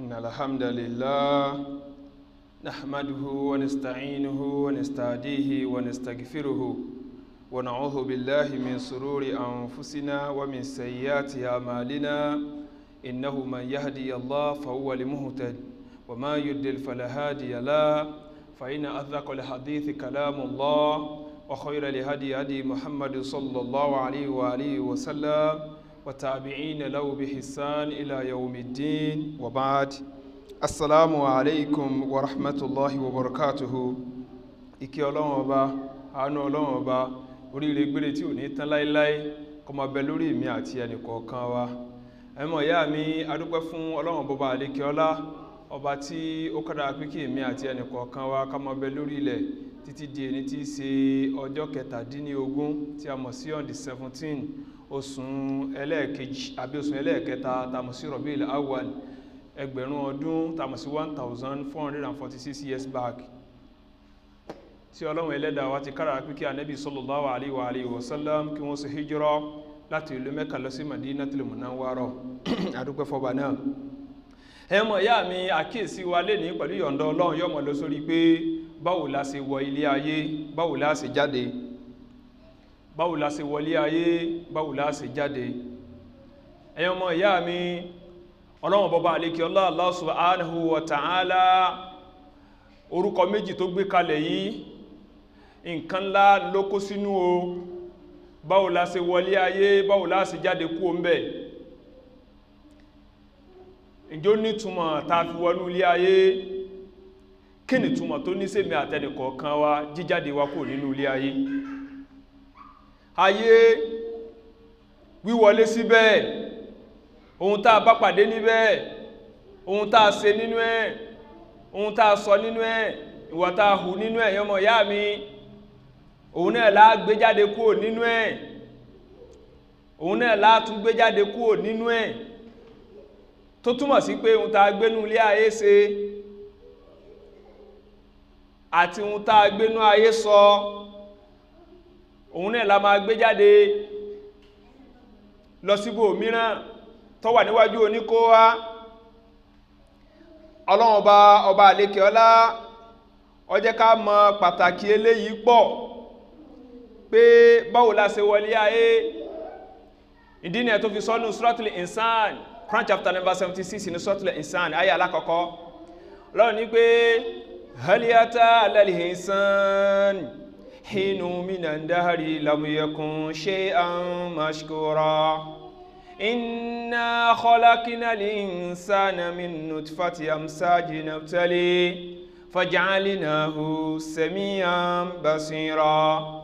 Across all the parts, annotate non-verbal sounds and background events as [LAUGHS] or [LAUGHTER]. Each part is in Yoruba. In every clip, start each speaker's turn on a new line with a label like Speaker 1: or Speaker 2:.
Speaker 1: إن الحمد لله نحمده ونستعينه ونستهديه ونستغفره ونعوذ بالله من سرور أنفسنا ومن سيئات أعمالنا إنه من يهدي الله فهو لمهتد وما يدل فلا هادي له فإن أذق الحديث كلام الله وخير لهدي هدي محمد صلى الله عليه وآله وسلم وتابعين له بحسان إلى يوم الدين وبعد السلام عليكم ورحمة الله وبركاته ìkẹ́ ọlọ́run ọba àánú ọlọ́run ọba oríire gbére tí ò ní tán láíláí kó máa bẹ lórí mi àti ẹnìkọ̀ọ̀kan wa ẹmọ̀ ìyá mi adúpẹ́ fún ọlọ́run bọba àlékẹ́ ọlá ọba tí ó kádàrá pé kí èmi àti ẹnìkọ̀ọ̀kan wa ká máa bẹ lórí ilẹ̀ títí di èní tí í ṣe ọjọ́ kẹtàdínlógún tí a mọ̀ sí on the seventeen oṣùn ẹlẹ́ẹ̀kejì àbí oṣùn ẹlẹ́ẹ̀kẹta tàmù sí rọ̀bíl awal ẹgbẹ̀rún ọdún tàmù sí 1446 years back tí ọlọ́run ẹlẹ́dàá wa ti kára pé kí anẹ́bí sallallahu alaihi wa alihi wa sallam kí wọ́n ṣe hijira láti ìlú Mẹ́kà lọ sí Madinatul Munawwara àdúpẹ́ [CLEARS THROAT] fọba náà ẹmọ ìyá mi àkíyèsí wa lè ní pẹ̀lú yọ̀ǹda ọlọ́run yọmọ lọ sórí pé báwo la ṣe wọ ilé ayé báwo la ṣe jáde báwo la ṣe wọlé ayé báwo la ṣe jáde ẹ̀yin ọmọ ìyá mi ọlọ́run bọba àlékí ọlá Allah subhanahu wa orúkọ méjì tó gbé kalẹ̀ yìí nǹkan ńlá ló sínú o báwo la ṣe wọlé ayé báwo la ṣe jáde kú o ń bẹ̀ ìjó nítumọ̀ ta fi wọnú ilé ayé kí nìtumọ̀ tó ní sèmi àtẹnìkọ̀ọ̀kan wa jíjáde wa kò nínú ilé ayé ayé wíwọlé síbẹ̀ ohun tá a bá pàdé níbẹ̀ ohun tá a ṣe nínú ẹ̀ ohun tá a sọ nínú ẹ̀ ìwà tá a hù nínú ẹ̀ yọmọ ìyá mi òun náà láà gbé jáde kúrò nínú ẹ̀ òun náà láà tún gbé jáde kúrò nínú ẹ̀ tó túmọ̀ sí pé ohun tá a gbénú ilé ayé ṣe àti ohun tá a gbénú ayé sọ so, òun náà la máa gbé jáde lọ síbò mìíràn tó wà níwájú ọba ọba àlékè ọlá pataki ká mọ pàtàkì eléyìí pọ̀ pé báwo fi sọ́nù suratul insan Quran chapter number 76 ní suratul insan ayé alákọ̀ọ́kọ́ lọ́rùn ní pé حين من الدهر لم يكن شيئا مشكورا إنا خلقنا الإنسان من نطفة أمساج نبتلي فجعلناه سميعا بصيرا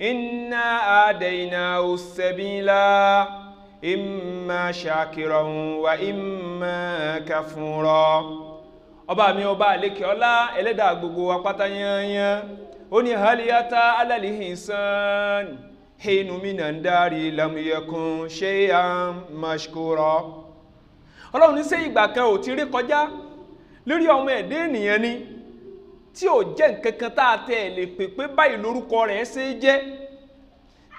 Speaker 1: إنا آديناه السبيل إما شاكرا وإما كفورا ọba mi ọba àlékè ọlá ẹlẹ́dàá gbogbo apátá yányán ó ní haliyata alalihinsan hinu minan dari lamuyekun shay'an mashkura ọlọ́run ní ṣé ìgbà kan ò ti rí kọjá lórí ọmọ ẹ̀dẹ́ ènìyàn ni tí ò jẹ́ nkankan tá a tẹ̀ lè pè pé báyìí lórúkọ rẹ̀ ṣe jẹ́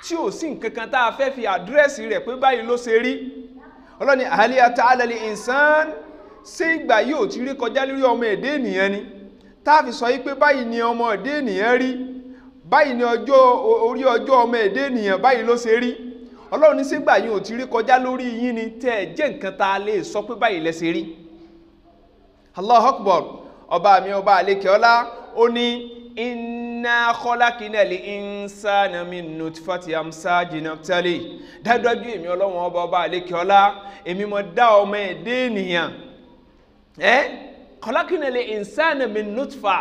Speaker 1: tí ò sí nkankan tá fẹ́ fi àdírẹ́sì rẹ̀ pé báyìí ló ṣe rí ọlọ́ni àhálíyàtà alẹ́lẹ́ ìsán ṣé ìgbà yìí ti rí kọjá lórí ọmọ ẹ̀dẹ́ ènìyàn ni táàfi sọ yí pé báyìí ni ọmọ èdè ènìyàn rí báyìí ni ọjọ́ orí ọjọ́ ọmọ èdè ènìyàn báyìí ló ṣe rí ọlọ́run ní sígbà yìí ò ti rí kọjá lórí yín ni tẹ́ ẹ jẹ́ nǹkan tá a lè sọ pé báyìí lẹ ṣe rí Allahu Akbar ọba mi ọba àlekè ọlá ó ní inna khalaqna li insana min nutfati amsajin nabtali dájúdájú èmi ọlọ́run ọba ọba àlekè èmi mo dá ọmọ èdè ènìyàn ẹ́ eh? kọlákìnà lè ìnsẹ́ni mi nùtfà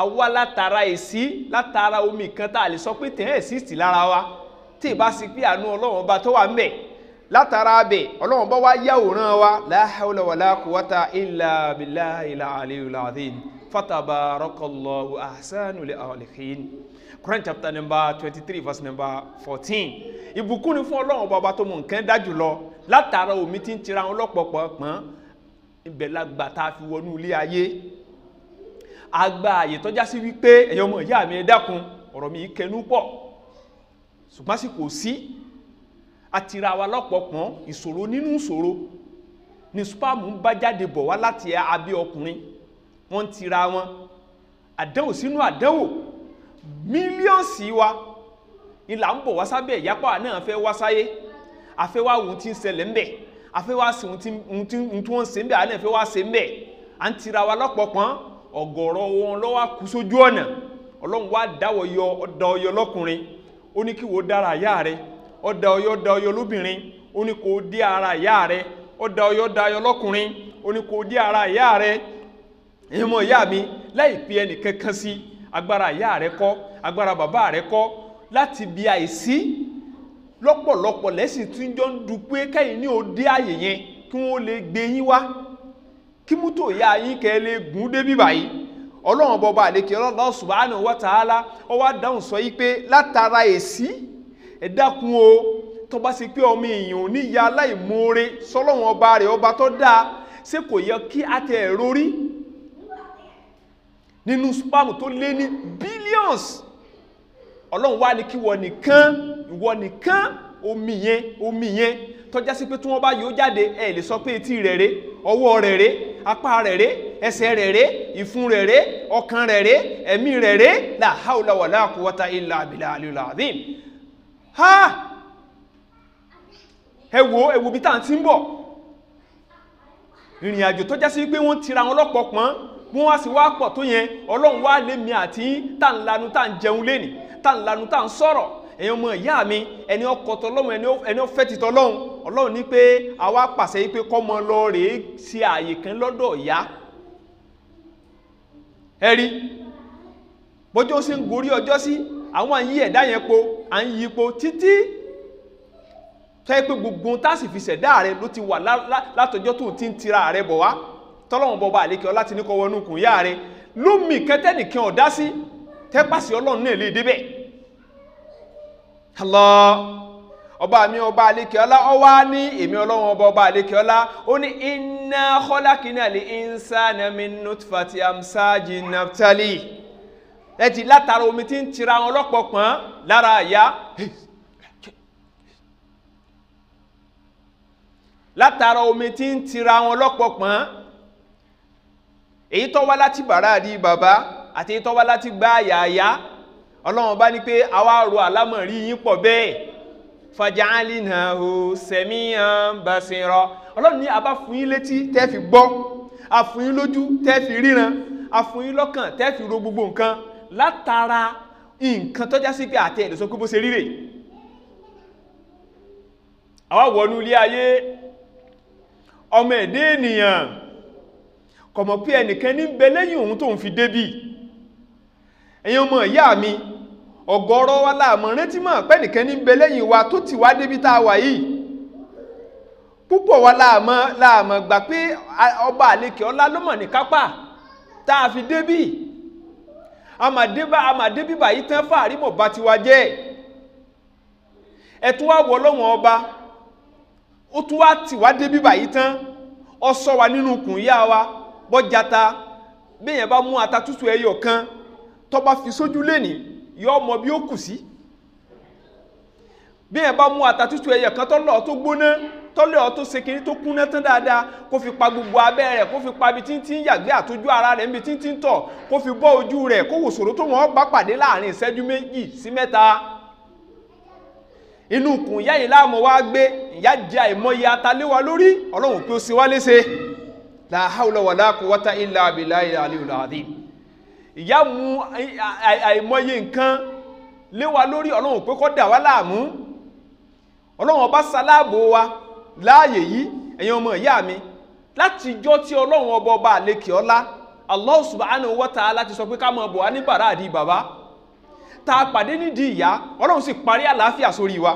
Speaker 1: àwa látara èsì látara omi kan tá a lè sọ pé tẹ̀ ẹ́ sì sí lára wa tí ì bá sì pé àánú ọlọ́run ọba tó wà ń bẹ̀ látara abẹ ọlọ́run bá wá yàwòrán wa la hawla wala quwwata illa billahil aliyyil azim fatabarakallahu ahsanul khaliqin Quran chapter number twenty three verse number fourteen ìbùkún ni fún ọlọ́run ọba tó mọ nǹkan dájú lọ látara omi tí ń tira wọn lọ́pọ̀pọ̀ ibẹ̀ lágbà tá a fi wọnú ilé ayé àgbà àyè tọ́já sí wípé ẹ̀yọ́ ọmọ ìyá mi ẹ dákun ọ̀rọ̀ mi kẹnu pọ̀ ṣùgbọ́n sì kò sí àtìrà wa lọ́pọ̀pọ̀n ìṣòro nínú ìṣòro ni spáàmù ń bá jáde bọ̀ wá láti abẹ́ ọkùnrin wọ́n ń tira wọn àdánwò sínú àdánwò mílíọ̀nsì wa ìlà ń bọ̀ wá sábẹ́ ìyápá náà fẹ́ wá sáyé àfẹ́wáwò tí ń ṣẹlẹ̀ ń bẹ̀ afẹ́ wá sí ohun tí wọ́n ṣe ń bẹ̀ alẹ́ fẹ́ wá ṣe ń bẹ̀ à ń wa lọ́pọ̀pọ̀n ọ̀gọ̀rọ̀ wọn lọ́wọ́ kú sójú ọ̀nà ọlọ́run wá dáwọ̀ yọ ọ̀dà ọyọ lọ́kùnrin ó ní kí wo dára ìyá rẹ ọ̀dà ọyọ ọ̀dà ọyọ lóbìnrin ó ní kó dé ara ìyá rẹ ọ̀dà ọyọ ọ̀dà ọyọ lọ́kùnrin ó ní ara ìyá rẹ èyí mọ mi láì pe ẹnì kankan sí agbára ìyá rẹ kọ́ agbára bàbá rẹ kọ́ láti bí àìsí lọ́pọ̀lọpọ̀ lẹ́sìn tí jọ ń du pé kẹ́yìn ní òde àyè yẹn kí wọ́n lè gbé yín wá kí mú tó yá yín kẹ́ lè gùn débí báyìí ọlọ́run bọba àlekè Allah subhanahu wa ta'ala ó wá dáhùn sọ yí pé látara èsì ẹ dákun o tó bá ṣe pé ọmọ èèyàn ò ní ya aláìmoore sọlọ́run ọba rẹ̀ ọba tó dáa ṣé kò yẹ kí a tẹ̀ rórí nínú spam tó lé ní billions ọlọ́run wá ní kí wọ nìkan ìwọ nìkan omi yẹn omi yẹn tọ́já sí pé tí wọ́n bá yóò jáde ẹ lè sọ pé etí rẹ̀ rẹ̀ ọwọ́ rẹ̀ rẹ̀ apá rẹ̀ rẹ̀ ẹsẹ̀ rẹ̀ rẹ̀ ìfun rẹ̀ rẹ̀ ọkàn rẹ̀ rẹ̀ ẹ̀mí rẹ̀ rẹ̀ la haula wala quwwata illa billahil azim ha ẹ wò ẹ wò bí tá à ń ti ń bọ̀ ìrìn àjò tọ́já sí pé wọ́n tira wọn lọ́pọ̀ pọ́n wọ́n wá sí wá pọ̀ tó yẹn ọlọ́run wá lé mi àti tá à ń lanu tá à ń jẹun lénìí tá ń lanu tá ń sọ̀rọ̀ èèyàn ọmọ ìyá mi ẹni ọkọ̀ tọlọ́hún ẹni ọfẹ́ ti tọlọ́hún ọlọ́run ní pé àwa pàṣẹ yìí pé kọ́mọ lọ rèé ṣe àyè kan lọ́dọ̀ ìyá ẹ rí bójú sí ń gorí ọjọ́ sí àwọn yí ẹ̀dá yẹn po à ń yí po títí tẹ́ pé gbogbo tásì fi ṣẹ̀dá rẹ ló ti wà látọjọ́ tó ti ń tira rẹ bọ̀ wá tọ́lọ́wọ̀n bọba àlékẹ́ ọlá ti ní kọ́ wọnú kùn rẹ lómi kẹtẹ́nìkan ọ̀dá sí tẹ́pàsì ọlọ́run náà lè débẹ̀ Allah ọba mi ọba alékeọlá ọwá ní èmi ọlọ́run ọba ọba alékeọlá ó ní inna khalaqna li insana min nutfati amsaji naftali ẹ̀tì látara omi tí ń tira wọn lọ́pọ̀ pọ̀n lára àyá látara omi tí ń tira wọn lọ́pọ̀ èyí tó wá láti bàrá àdí bàbá àti tọ́wá láti gbá àyàyá ọlọ́run bá ní pé àwa ro àlámọ̀rí yín pọ̀ bẹ́ẹ̀ fàjáàlìnà ò sẹ̀mí àbàṣìrọ ọlọ́run ní àbá fún yín létí tẹ́ẹ̀fì gbọ́ àfún yín lójú tẹ́ẹ̀fì ríran àfún yín lọ́kàn tẹ́ẹ̀fì ro gbogbo nǹkan látara nǹkan tọ́já sí pé àtẹ ìlọsọ pé bó ṣe ríre àwa wọnú ilé ayé ọmọ ẹ̀dẹ́ ènìyàn kọ̀mọ̀ pé ẹnìkan ní bẹ òun tóun fi débìí ẹ̀yin ọmọ ìyá mi ọ̀gọ̀rọ̀ wa láàmọ̀ rántí mọ̀ pẹ́nìkan ní belẹ́yìn wa tó ti wá débi tá a wà yìí púpọ̀ wa láàmọ̀ láàmọ̀ gbà pé ọba àlekè ọlá ló mọ̀ ní kápá tá a fi débì àmàdébí báyìí tán fàárí mọ̀ bá ti wá jẹ́ ẹ̀ tún wá wọ lọ́wọ́n ọba ó tún wá tì wá débí báyìí tán ọ sọ wa nínú kùn yá wa bọ́jata bí èèyàn bá mú ata tútù ẹyọ kan tó bá fi sójú lẹ́ni yóò mọ bí ó kù sí bí ẹ̀ bá mú àtàtútù ẹyẹ kan tọ́lọ̀ tó gbóná tọ́lọ̀ tó ṣe kiri tó kúnná tán dáadáa kó fi pa gbogbo abẹ́ rẹ̀ kó fi pa ibi tí ń tí ń yàgbé àtójú ara rẹ̀ níbi tí ń tí ń tọ̀ kó fi bọ́ ojú rẹ̀ kó wò sòrò tó wọ́n bá pàdé láàrin ìṣẹ́jú méjì sí mẹ́ta inú kùn ìyá yìí láàmú wá gbé ìyá jẹ àìmọye ataléwa lórí ọlọ́run pé ó sì wá léṣe la hawla wala quwwata illa billahi aliyul azim ìyá mú àìmọye nǹkan léwa lórí ọlọ́run pé kó dà wá láàmú ọlọ́run ọba sáláàbò wa láàyè yìí ẹ̀yin ọmọ ìyá mi láti ijọ́ tí ọlọ́run ọba ọba àlekè ọlá Allah subhanahu wa ta'ala láti sọ pé ká máa bọ̀ wá ní bàrá àdí bàbá ta pàdé nídìí ìyá ọlọ́run sì parí àlàáfíà sórí wa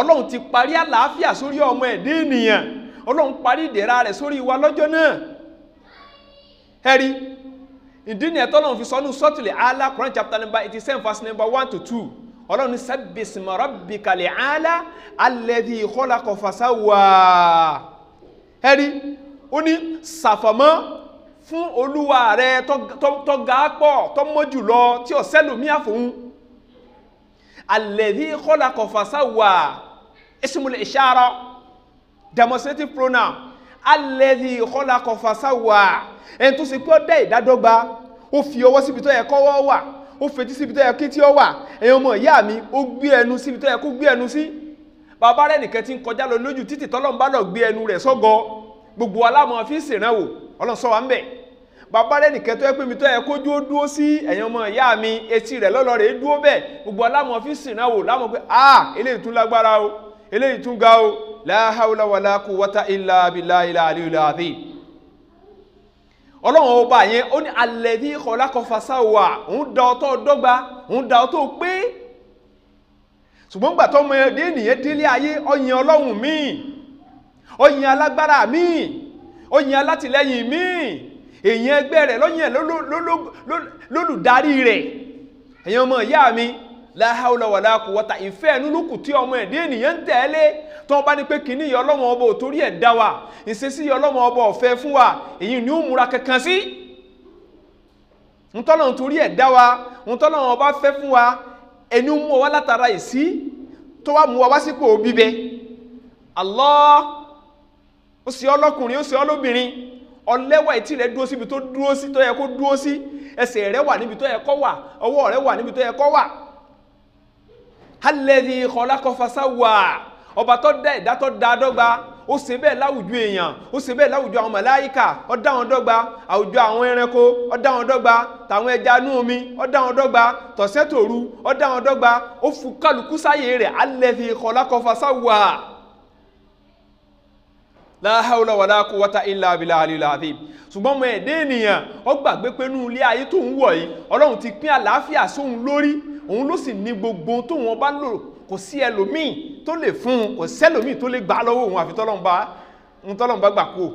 Speaker 1: ọlọ́run ti parí àlàáfíà sórí ọmọ ẹ̀dá ènìyàn ọlọ́run parí ìdẹ̀ra rẹ̀ sórí wa lọ́jọ́ náà ẹ̀rí ìdí ni ẹ̀tọ́ lọ́n fi sọ́nù sọ́tìlẹ̀ ala Quran chapter number eighty seven verse number one to two ọlọ́run ní sábẹ̀sìmọ̀ rọ́bì kalẹ̀ ala alẹ́dì ìkọlákọ̀ fasáwà ẹ̀rí ó ní sàfọ̀mọ́ fún olúwa rẹ tó ga pọ̀ tó mọ́ jùlọ tí ó sẹ́lùmí àfòun alẹ́dì ìkọlákọ̀ fasáwà ismul ishara demonstrative pronoun alẹ́dì ìkọlákọ̀ fasáwà ẹni tó ṣe pé ó dá ìdádọ́gba ó fi ọwọ́ síbi tó yẹ kọ́wọ́ wà ó fetí síbi tó yẹ kí tí ó wà ẹ̀yin ọmọ ìyá mi ó gbé ẹnu síbi tó yẹ kó gbé ẹnu sí bàbá rẹ̀ nìkan ti ń kọjá lọ lójú títì tọ́lọ́n bá lọ gbé ẹnu rẹ̀ sọ́gọ gbogbo alámọ̀ fi ń ṣèrànwò ọlọ́run sọ wá ń bẹ̀ bàbá rẹ̀ nìkan tó yẹ pé mi tó yẹ kójú ó dúró sí ẹ̀yin ọmọ ìyá mi etí rẹ̀ lọ́lọ́ rẹ̀ dúró bẹ́ẹ̀ gbogbo alámọ̀ fi ń ṣèrànwò lámọ̀ pé ah eléyìí tún lágbára o eléyìí tún ga o la hawla wala quwwata illa billahi al-aliyyil ọlọ́run ọba yẹn ó ní alẹ́ ní kọlákọfàṣà wà ń da ọtọ́ dọ́gba ń da ọtọ́ pé ṣùgbọ́n gbà tọ́mọ ẹdẹ ènìyàn délé ayé ọyìn ọlọ́run míì ọyìn alágbára míì ọyìn alátìlẹyìn míì èyàn ẹgbẹ́ rẹ̀ lọ́yìn lólùdarí rẹ̀ èyàn ọmọ ìyá mi la hawla wala quwwata ìfẹ́ ẹnúlùkù tí ọmọ ẹdẹ ènìyàn ń tẹ̀lé tó bá ní pé kìíní yọ ọlọ́wọ́n ọba ò torí ẹ̀ dá wa ìṣesí yọ ọlọ́wọ́n ọba ọ̀fẹ́ fún wa èyí ni ó múra kankan sí ntọ́lọ́run torí ẹ̀ dá wa ntọ́lọ́run ọba fẹ́ fún wa ẹni ó mú ọ wá látara ìsí tó wá mú ọ wá sípò bíbẹ Allah ó sì ọlọ́kùnrin ó sì ọlọ́bìnrin ọlẹ́wà etí rẹ̀ dúró síbi tó dúró sí tó yẹ kó dúró sí ẹsẹ̀ rẹ̀ wà níbi tó yẹ kó wà ọwọ́ rẹ̀ wà níbi tó yẹ kó wà alladhi khalaqa fasawwa ọba tó dá ẹ̀dá tó dá dọ́gba ó ṣe bẹ́ẹ̀ láwùjọ èèyàn ó ṣe bẹ́ẹ̀ láwùjọ àwọn màláyíkà ó dá wọn dọ́gba àwùjọ àwọn ẹranko ó dá wọn dọ́gba tàwọn ẹja inú omi ó dá wọn dọ́gba tọ̀sẹ̀ tòru ó dá wọn dọ́gba ó fu kálukú sáyé rẹ̀ allazi khalaqahu fasawwa la hawla wala quwwata illa billahi aliyil azim ṣùgbọ́n mo ẹ̀dẹ́ ènìyàn ó gbàgbé pé nínú ilé ayé tó ń wọ̀ yìí ọlọ́run ti pín àlàáfíà sóhun lórí òun ló sì ní gbogbo tóun ọba lò kò sí ẹlòmíì tó lè fún un kò sẹ́lòmíì tó lè gbà lọ́wọ́ òun àfi tọ́lọ́mbà gbà kú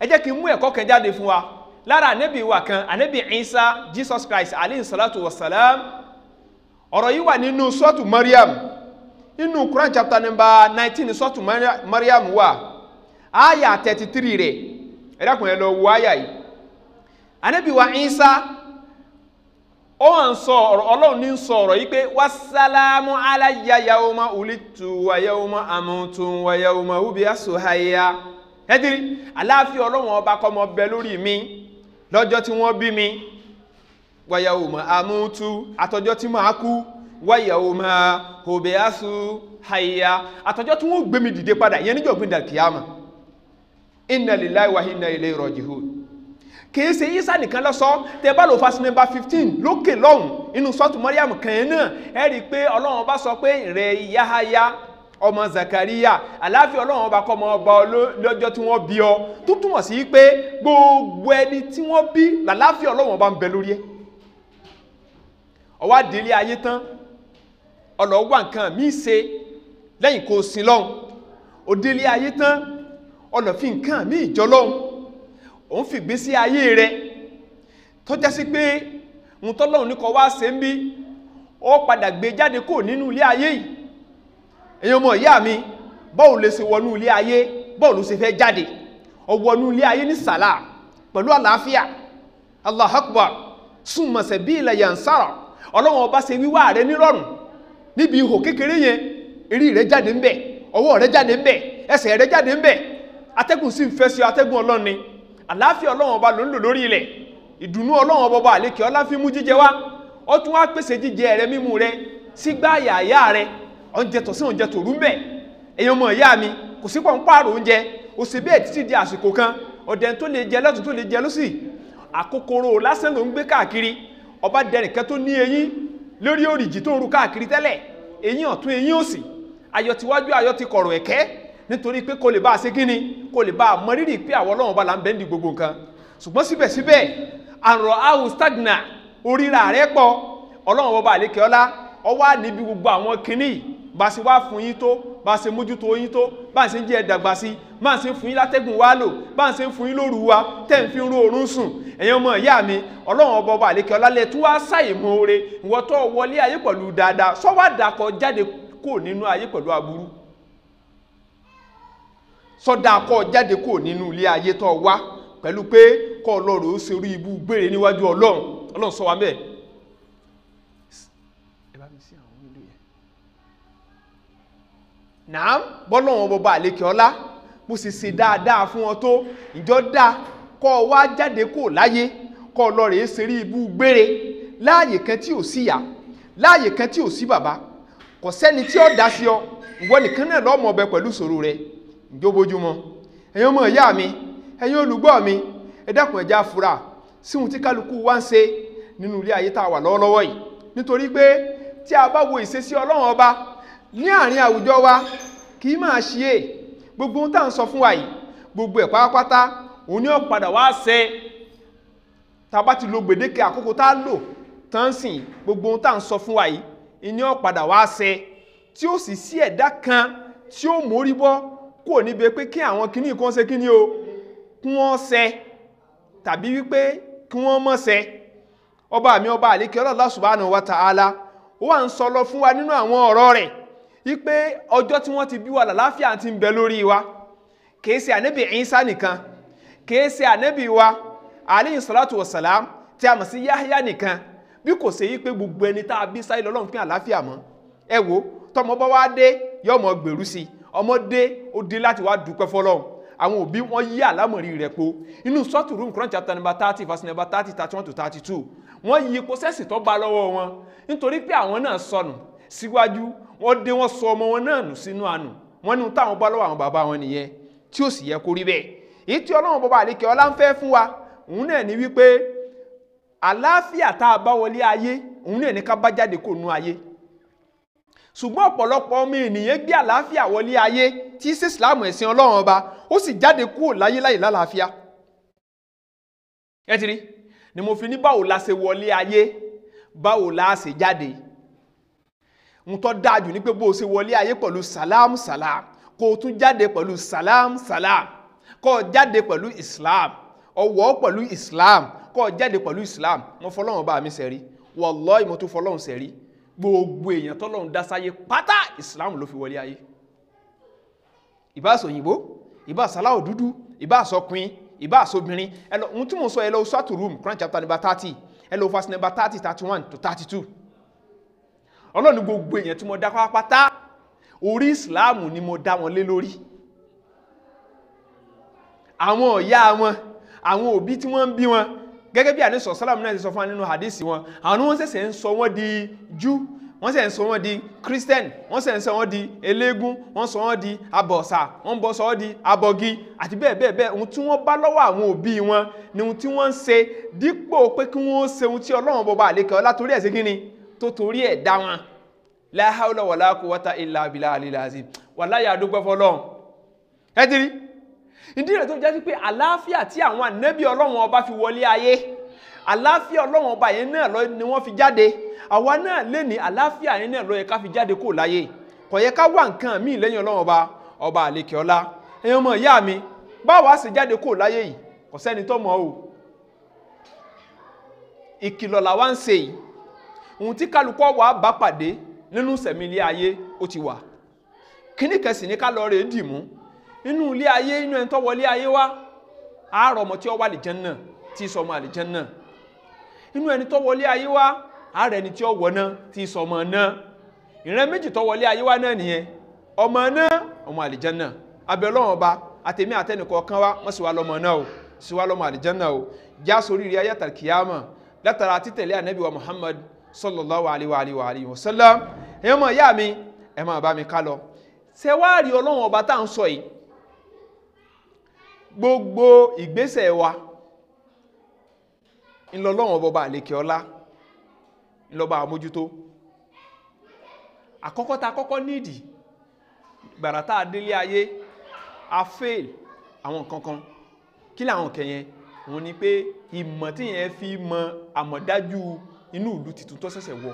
Speaker 1: ẹ jẹ́ kí n mú ẹ̀kọ́ kan jáde fún wa lára ànẹ́bì wa kan ànẹ́bì Isa Jesus Christ alayhi salatu wa salam ọ̀rọ̀ yìí wà nínú sọ́ọ̀tù Maryam nínú Quran chapter number 19 sọ́ọ̀tù Maryam wà áyà 33 rẹ̀ ẹ̀dàkùnrin lọ wọ áyà yìí ànẹ́bì wa Isa ó hàn sọ ọ̀rọ̀ ọlọ́run ní sọ ọ̀rọ̀ yìí pé wàsálámù aláyà yaoma ulitu wa yaoma amutu wa yaoma ubi asuhaya ẹdiri aláàfin ọlọ́run ọba kọmọ bẹ lórí mi lọ́jọ́ tí wọ́n bí mi wa yaoma amutu àtọjọ́ tí màá kú wa yaoma ubi asuhaya àtọjọ́ tí wọ́n gbé mi dìde padà ìyẹn níjọ́ gbé dàkíyàmà inna lillahi wa inna kìí ṣe yísà nìkan lọ́sọ́ tẹ bá lò fásitì nọmba fifteen lókè lọ́hùn inú sọ́ọ̀tù mọ́ríàmù kan náà ẹ rí i pé ọlọ́run ọba sọ pé rẹ̀ yáháyá ọmọ zakariya aláfíà ọlọ́run ọba kọ́ ọmọ ọba lọ́jọ́ tí wọ́n bí ọ tó túmọ̀ sí pé gbogbo ẹni tí wọ́n bí làláfíà ọlọ́run ọba ń bẹ lórí ẹ ọwọ́ àdílé ayé tán ọlọ́wà nǹkan míì ṣe lẹ́yìn kó sin lọ́hùn òdílé ayé tán ọlọ́fin nǹkan míì jọ lọ́hùn òun fi sí ayé rẹ tó jẹ́ sí pé ohun tọ́lọ́run ní kọ wá ń bí ó padà gbé jáde kò nínú ilé ayé yìí èyàn mọ̀ ìyá mi bọ́ọ̀ lè ṣe wọnú ilé ayé bọ́ọ̀ ló fẹ́ jáde ó ilé ayé ní pẹ̀lú àlàáfíà Allah akbar súnmọ̀sẹ̀ bí ilẹ̀ yansara ọlọ́wọ́n ọba se wíwá rẹ̀ nírọ̀rùn níbi kékeré yẹn eré rẹ̀ jáde ń bẹ̀ rẹ̀ jáde ń àláfíà ọlọ́run ọba ló ń lò lórí ilẹ̀ ìdùnnú ọlọ́run ọba àlékè ọlá fi mú jíjẹ wá ó tún wá pèsè jíjẹ rẹ mímu rẹ sígbà yàyà rẹ oúnjẹ tọ̀sí oúnjẹ tòrú ń bẹ̀ èèyàn ọmọ ìyá mi kò sí pọ̀ ń pààrọ̀ oúnjẹ ó sì bẹ́ẹ̀ títí di àsìkò kan ọ̀dẹ̀ tó lè jẹ lọ́tún tó lè jẹ lọ́sì àkókòrò lásán ló ń gbé káàkiri ọba dẹnìkan tó ní eyín lórí òrìjì tó ń ru káàkiri tẹ́lẹ̀ eyín ọ̀tún eyín òsì ayọ̀ tiwájú ti kọ̀rọ̀ ẹ̀kẹ́ nítorí pé kò lè bá a ṣe kíni kò lè bá a mọ rírì pé àwọn ọlọ́run bá la ń bẹ́ndì gbogbo nǹkan ṣùgbọ́n síbẹ̀síbẹ̀ àrùn áhù stagna oríra rẹ̀ pọ̀ ọlọ́run bọ́ba àlékè ọlá ọwá níbi gbogbo àwọn kíní bá ṣe wá fún yín tó bá ṣe mójútó yín tó bá ṣe ń jẹ́ ẹ̀dàgbà sí bá ṣe ń fún yín látẹ́gùn wá lò bá ṣe ń fún yín lóru wa tẹ́ ń fi rú oorun sùn ẹ̀yin ọmọ ìyá mi ọlọ́run ọba ọba àlékè ọlálẹ̀ tó wá ṣàìmọ̀ oore ìwọ́tọ̀ wọlé ayé pẹ̀lú dáadáa sọ́wádàkọ jáde kò nínú ayé pẹ̀lú aburú sọ́dà kọ́ jáde kò nínú ilé ayé tó wá pẹ̀lú pé kọ́ ọlọ́rọ̀ ó ṣerú ibú gbére níwájú ọlọ́run ọlọ́run sọ wa mẹ́ẹ̀ náà bọ́lọ́wọ́n bọba àlékè ọlá mo sì ṣe dáadáa fún ọ tó ìjọ dá kọ́ ọ wá jáde kò láyé kọ́ ọ lọ rèé ṣeré ibú gbére láàyè kan tí ò sí ìyá láàyè kan tí ò sí bàbá kò sẹ́ni tí ó dá sí ọ ìwọ nìkan náà lọ́mọ ọbẹ̀ pẹ̀lú ìṣòro rẹ̀ jóbójúmọ́ ẹ̀yin ọmọ ìyá mi ẹ̀yin olùgbọ́ mi ẹ dákun ẹ jẹ́ á fura síhun tí kálukú wá ń ṣe nínú ilé ayé tá a wà lọ́wọ́lọ́wọ́ yìí nítorí pé tí a bá wo ìṣesí ọlọ́run ọba ní àárín àwùjọ wa kì í máa ṣe é gbogbo ohun tá à ń sọ fún wa yìí gbogbo ẹ̀ pátápátá òun ni ó wá ṣẹ tá bá ti lo gbèdéke àkókò tá a lò tán sìn gbogbo ohun tá à ń sọ fún wa yìí ni ó wá ṣẹ tí ó sì sí ẹ̀dá kan tí ó mórí bọ́ kúrò níbi pé kí àwọn kíní kan ṣe kíní o kí wọ́n ṣẹ tàbí wípé kí wọ́n mọ̀ ṣẹ ọba mi ọba àlékè Allah subhanahu wa ta'ala ó wà ń sọ lọ fún wa nínú àwọn ọ̀rọ̀ rẹ̀ wípé ọjọ́ tí wọ́n ti bí wa làlàáfíà ti ń bẹ lórí wa kìí ṣe ànábì Ìsá nìkan kìí ṣe ànábì wa alayhi salatu wassalam tí a mọ̀ sí Yahya nìkan bí kò ṣe yí gbogbo ẹni tá a bí sáyé lọ́lọ́run pín àlàáfíà mọ́ ẹ wo tọmọ bá wá dé yọmọ gbèrú sí i ọmọdé ó dé láti wá dúpẹ́ fọlọ́run àwọn òbí wọn yí àlámọ̀rí rẹ̀ po inú sọ́ọ̀tù rúùmù Quran chapter number thirty verse number thirty thirty one to thirty two wọ́n yí ipò sẹ́sì tó bá lọ́wọ́ wọn nítorí pé àwọn náà sọnù síwájú wọ́n dé wọ́n sọ ọmọ wọn náà nù sínú àánú wọ́n ní táwọn bá lọ́wọ́ àwọn bàbá wọn nìyẹn tí ó sì yẹ kó rí bẹ́ẹ̀ èyí tí ọlọ́run bàbá àlékè ọlá ń fẹ́ fún wa òun náà ní wípé àlàáfíà tá a bá wọlé ayé òun náà ní ká bá jáde kó nu ayé ṣùgbọ́n ọ̀pọ̀lọpọ̀ ọmọ ènìyàn gbé àlàáfíà wọlé ayé tí sí Islam ẹ̀sìn Ọlọ́run ọba ó sì jáde kúrò láyé láyé lálàáfíà ẹ ti rí ni mo fi ní báwo la ṣe wọlé ayé báwo la ṣe jáde ń tọ́ dájú ní pé bó o ṣe wọlé ayé pẹ̀lú salam salam kó o tún jáde pẹ̀lú salam salam kó o jáde pẹ̀lú Islam ọwọ́ pẹ̀lú Islam kó o jáde pẹ̀lú Islam mo fọlọ́run ọba mi ṣẹ̀rí wallahi mo tún fọlọ́run ṣẹ̀rí gbogbo èèyàn tọ́lọ́run dá sáyé pátá ìsìláàmù ló fi wọlé ayé ìbáṣọ òyìnbó ìbáṣọ aláwọ̀ dúdú ìbáṣọ ọkùnrin ìbáṣọ obìnrin ẹlọ ohun tí mo sọ ẹlọ sọ́tù rúùmù Quran chapter number thirty ẹlọ verse number thirty thirty one to thirty two ọlọ́run ní gbogbo èèyàn tí mo dá pátá orí ìsìláàmù ni mo dá wọn lé lórí àwọn ọ̀yá wọn àwọn òbí tí wọ́n ń bí wọn gẹ́gẹ́ bí àdéṣọ sálàmù náà ti sọ fún nínú hadisi wọn àwọn wọn ṣẹ̀ṣẹ̀ ń sọ wọn di jù wọ́n ṣẹ̀ ń sọ wọ́n di christian wọ́n ṣẹ̀ ń sọ wọ́n di eléégún wọ́n sọ wọ́n di abọ̀ṣà wọ́n bọ́ sọ wọ́n di abọ́gi àti bẹ́ẹ̀ bẹ́ẹ̀ bẹ́ẹ̀ ohun tí wọ́n bá lọ́wọ́ àwọn òbí wọn ni ohun tí wọ́n ń ṣe dípò pé kí wọ́n ṣe ohun tí ọlọ́run bọba àlékè ọlá torí ẹ̀ ṣe kí ni tó torí ẹ̀ dá wọn. la hawla wala quwwata illa billahi alil azim wàláyà àdúgbò fọlọ́run ìdí rẹ̀ tó jẹ́ sí pé àlàáfíà tí àwọn ànábì ọlọ́run ọba fi wọlé ayé àlàáfíà ọlọ́run ọba yẹn náà lọ ni wọ́n fi jáde àwa náà lè ní àlàáfíà yẹn náà ló yẹ ká fi jáde kó láyé kò yẹ ká wá nǹkan míì lẹ́yìn ọlọ́run ọba ọba àlekè ọlá ẹ̀yin ọmọ ìyá mi báwa sì jáde kó láyé yìí kò sẹ́ni tó mọ̀ o ìkìlọ̀ làwa ń ṣe yìí ohun tí kálukọ́ wa bá pàdé nínú sẹ̀mí ilé ayé ó ti wà kíníkẹ̀sì ni ká lọ rèé dì mú inú ilé ayé inú ẹni tó wọlé ayé wá àárọ̀ ọmọ tí ó wà àlìjẹ́nà tí ì sọmọ àlìjẹ́nà inú ẹni tó wọlé ayé wá àárẹ̀ ẹni tí ó wọ̀ náà tí ì sọmọ náà ìran méjì tó wọlé ayé wá náà nìyẹn ọmọ náà ọmọ àlìjẹ́nà abẹ́ọ́lọ́wọ́n ọba àtẹ̀mí àtẹnìkọ̀ọ̀kan wá mọ̀ sí wa lọ́mọ náà o sí wa lọ́mọ àlìjẹ́nà o já sórí rí ayé àtàkìyàmà látara títẹ̀lé ànábì wa Muhammad sallallahu alayhi wa sallam ẹ̀yọ́mọ̀ ìyá mi ẹ̀ máa bá mi ká lọ ṣẹ́wáàrí gbogbo ìgbésẹ̀ wa ńlọlọ́wọ̀n bọba àlekè ọlá ńlọba àmójútó àkọ́kọ́ ta kọ́kọ́ nídì gbàràtà délé ayé a fail àwọn kankan kí làwọn kẹyẹn wọ́n ní pé ìmọ̀ tí yẹn fi mọ àmọ̀dájú inú ìlú titun tó ṣẹ̀ṣẹ̀ wọ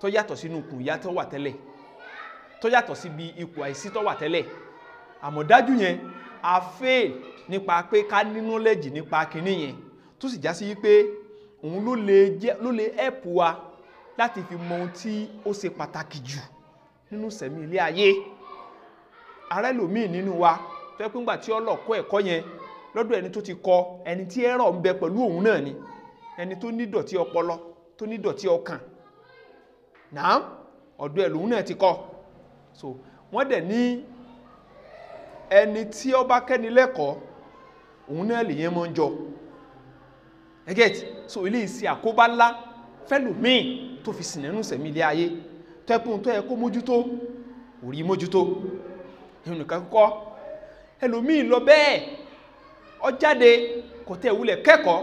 Speaker 1: tó yàtọ̀ sínú ikùn ìyá tó wà tẹ́lẹ̀ tó yàtọ̀ síbi ipò àìsí tó wà tẹ́lẹ̀ àmọ̀dájú yẹn a fail nípa pé ká ní knowledge nípa kinní yẹn tó sì já sí wípé òun ló lè jẹ́ ló lè help wa láti fi mọ ohun tí ó ṣe pàtàkì jù nínú sẹ̀mí ilé ayé ààrẹ lòmíì nínú wa tó yẹ pé ńgbà tí ọlọ́kọ́ ẹ̀kọ́ yẹn lọ́dọ̀ ẹni tó ti kọ ẹni tí ẹ̀rọ ń bẹ pẹ̀lú òun náà ni ẹni tó ní dọ̀tí ọpọlọ tó ní dọ̀tí ọkàn náà ọ̀dọ̀ ẹ̀ lòun náà ti kọ so wọ́n dẹ̀ ní ẹni tí ó bá kẹ́ni lẹ́kọ̀ọ́ òun náà lè yẹn mọ́ ń jọ ẹgẹ́t so ilé ìsì àkóbá ńlá fẹ́lòmíì tó fi sìn nínú sẹ̀mí ilé ayé tẹ́kùn tó yẹ kó mójútó orí mójútó ẹnìkan kọ́ ẹlòmíì lọ bẹ́ẹ̀ ọ jáde kò tẹ́ ìwúlẹ̀ kẹ́kọ̀ọ́